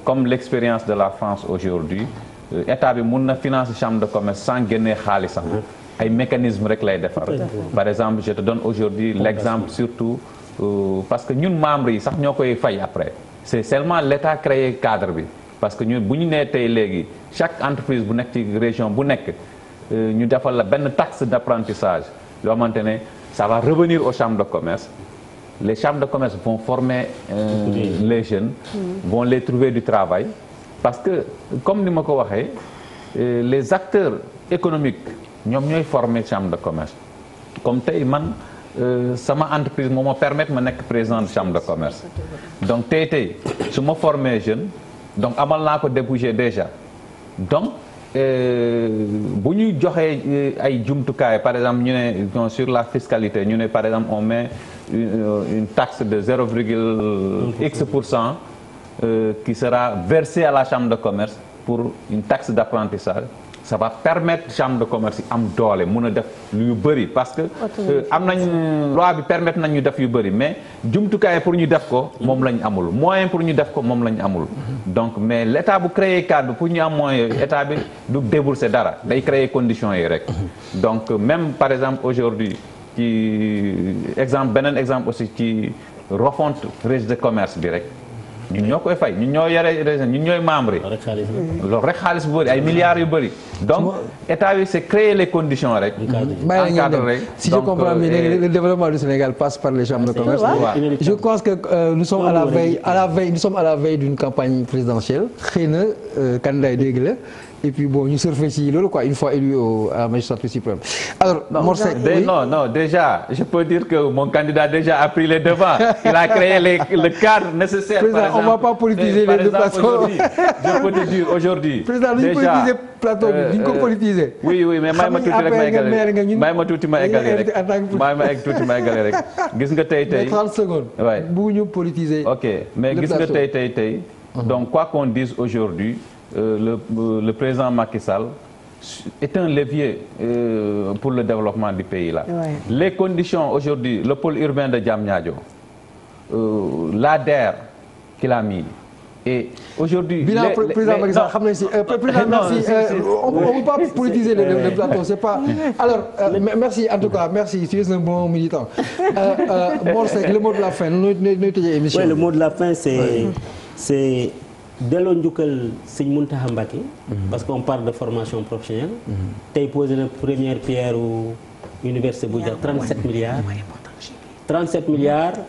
comme l'expérience de la France aujourd'hui état bi mun na financer chambre de commerce sans génne xaalisam. ay mécanisme rek lay defar. par exemple je te donne aujourd'hui l'exemple surtout. Euh, parce que ñun membres yi sax ñoo koy fay après c'est seulement l'État créé cadre bi parce que ñun bu ñu nee tey léegi chaque entreprise bu nekk ci région bu nekk euh, ñu defal la benn taxe d'apprentissage yoo xamante ne ça va revenir au chambres de commerce les chambres de commerce vont former euh, les jeunes mm. vont les trouver du travail parce que comme ni ma ko waxee euh, les acteurs économiques ñoom ñooy former chambre de commerce comme tey man Euh, sama entreprise moo ma permettre ma nekk président de chambre de commerce donc tey tey su ma formé jeune donc amal naa ko débouché déjà donc euh, bu ñuy joxee euh, ay jumtukaay par exemple ñu ne sur la fiscalité ñu ne par exemple on met une taxe de zéro virgule x pour cent qui sera versée à la chambre de commerce pour une taxe d'apprentissage ça va permettre chambre de commerce yi am doole mun a def yu bëri parce que euh, am nañ loi bi permettre nañ ñu def yu bëri mais jumtukaay pour ñu def ko moom lañu amul moyen pour ñu def ko moom lañ amul donc mais létat état bu créer cadre pour ñu am moyen état bi du débourser dara day créer conditions yi rek donc même par exemple aujourd'hui ci exemple beneen exemple aussi ci refonte registre de commerce bi rek ñun ñoo koy fay ñun ñoo yore région ñun ñooy membre yi loolu rek xaalis bu bëri ay milliards yu bëri donc état bi c'est créer les conditions rek encadre rek si je comprends euh, bien le développement du Sénégal passe par les chambres de commerce je pense que euh, nous sommes à la veille à la veille nous sommes à la veille d'une campagne présidentielle xëy na euh, kandidat yi dégg la et puis bon ñu surfer ci loolu quoi une a élu au à la magistrature suprême. alors Mor Seck oui non non déjà je peux dire que mon candidat déjà a pris il a créé le cadre nécessaire. Président, on va pas politiser les deux plateaux. je peux te dire aujourd'hui politiser plateau bi euh, euh, politiser. mais may ma tuuti rek ma eggalee may ma tuuti ma eggalee rek may ma tuuti ma eggalee rek gis politiser. mais gis Euh, le euh, le président Macky Sall est un levier euh, pour le développement du pays là. Ouais. Les conditions aujourd'hui, le pôle urbain de Diamniadio, euh, l'ADER qu'il a mis. Et aujourd'hui bilan président Macky Sall merci on pas politiser le plateau c'est pas alors merci en tout cas merci tu es un bon militant Mor le mot de la fin nooy tëjee émission le mot de la fin c'est delloo njukkal sëñ Muntaxa Mbacké mhm. parce qu'on parle de formation professionnelle mhm. tey posé na première pierre u université bu jar 37 trent 37 milliards mhm. ah,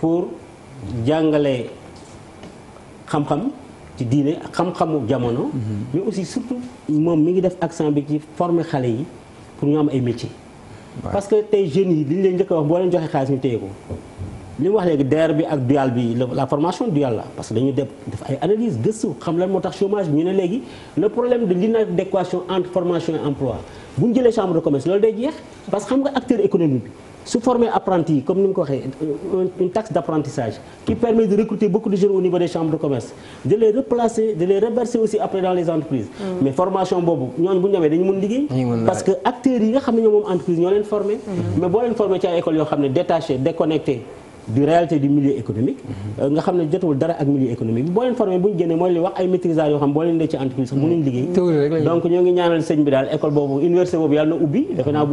pour jàngale xam-xam ci diine xam-xamu jamono mais aussi surtout moom mi ngi def accent bi ci former xale yi pour ñu am ay métier parce que tey jeunes yi li ñu leen njëkk a wax boo leen joxee xaalis ñu téye ko li mu wax léegi DER bi ak dual bi la formation dual la parce que dañu def def ay analyse gëstu xam lan moo tax chômage bi ñu ne léegi le problème de l'inadéquation entre formation emploi bu ñu jëlee chambre de commerce loolu day jeex parce que xam nga acteur économique bi su former apprenti comme ni mu ko waxee euh, une taxe d'apprentissage qui permet de recruter beaucoup de jeunes au niveau des chambres de commerce de les replacer de les reverser aussi du réalité du milieu économique mhm. nga xam ne jotewul dara ak milieu économique bi boo leen formé bu ñu génnee mooy li wax ay maîtrisards yoo xam boo leen dee ci entreprise sax mënuñ liggéey donc ñoo ngi ñaanal sëñ bi daal école boobu université boobu yàlla na ubbi defe naa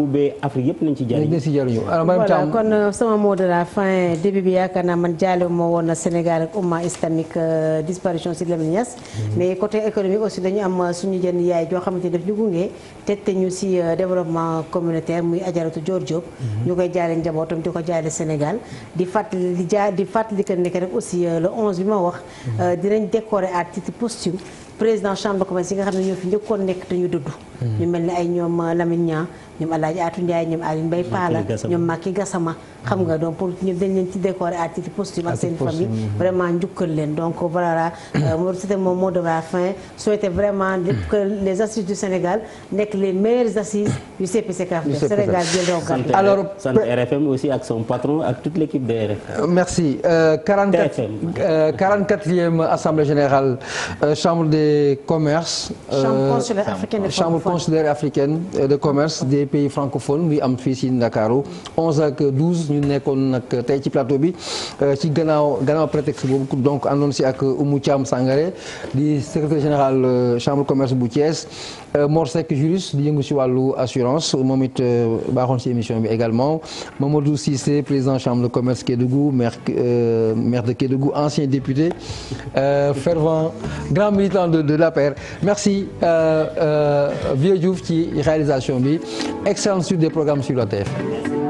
Afrique yëpp nañ ci jariñ voilà kon euh, sama mot de fin début bi yaakaar naa man jaale moo woon Sénégal ak islamique euh, disparition Sidy Lamine mhm. mais côté économique aussi dañu euh, fàttali di jaar di fàttali que nekk rek aussi euh, le 11 bi ma wax. Euh, mhm. dinañ décorer à titre posthume président chambre de commerce yi nga xam ne ñoo fi njëkkoon nekk te ñu dëddu. Mhm. ñu mel ni ay ñoom euh, Lamine Niang ñoom El Hadj Atou Ndiaye ñoom Alioune Mbaye Pala ñoom Macky Gassama xam nga donc pour ñoom dañ leen ci décorer à titre posthume ak seen famille vraiment njukkal leen donc voilà euh, c'était mon mot de la fin souhaiter vraiment que les assises du Sénégal nekk les meilleures assises yu CPCAF Sénégal jël alors sant RFM aussi ak son patron ak toute l'équipe de RFM euh, merci 44 euh, 44e assemblée générale chambre des commerces chambre consulaire africaine de commerce des pays francophone muy am fii si Ndakaaru 11 ak 12 ñu nekkoon nag tey ci plateau bi euh, ci gannaaw gannaaw prétexte boobu donc àndoon si ak Oumou Thiam Sangaré di secrétaire général euh, chambre commerce bu Thiès. Euh, Mor Seck juriste di yëngu si wàllu assurance moom it euh, baaxoon si émission bi également Mamadou Cissé président chambre de commerce Kédougou maire euh, maire de Kédougou ancien député fervent grand militant de la l'APR merci Vieux Diouf ci réalisation bi excellence suite des programmes sur la TFM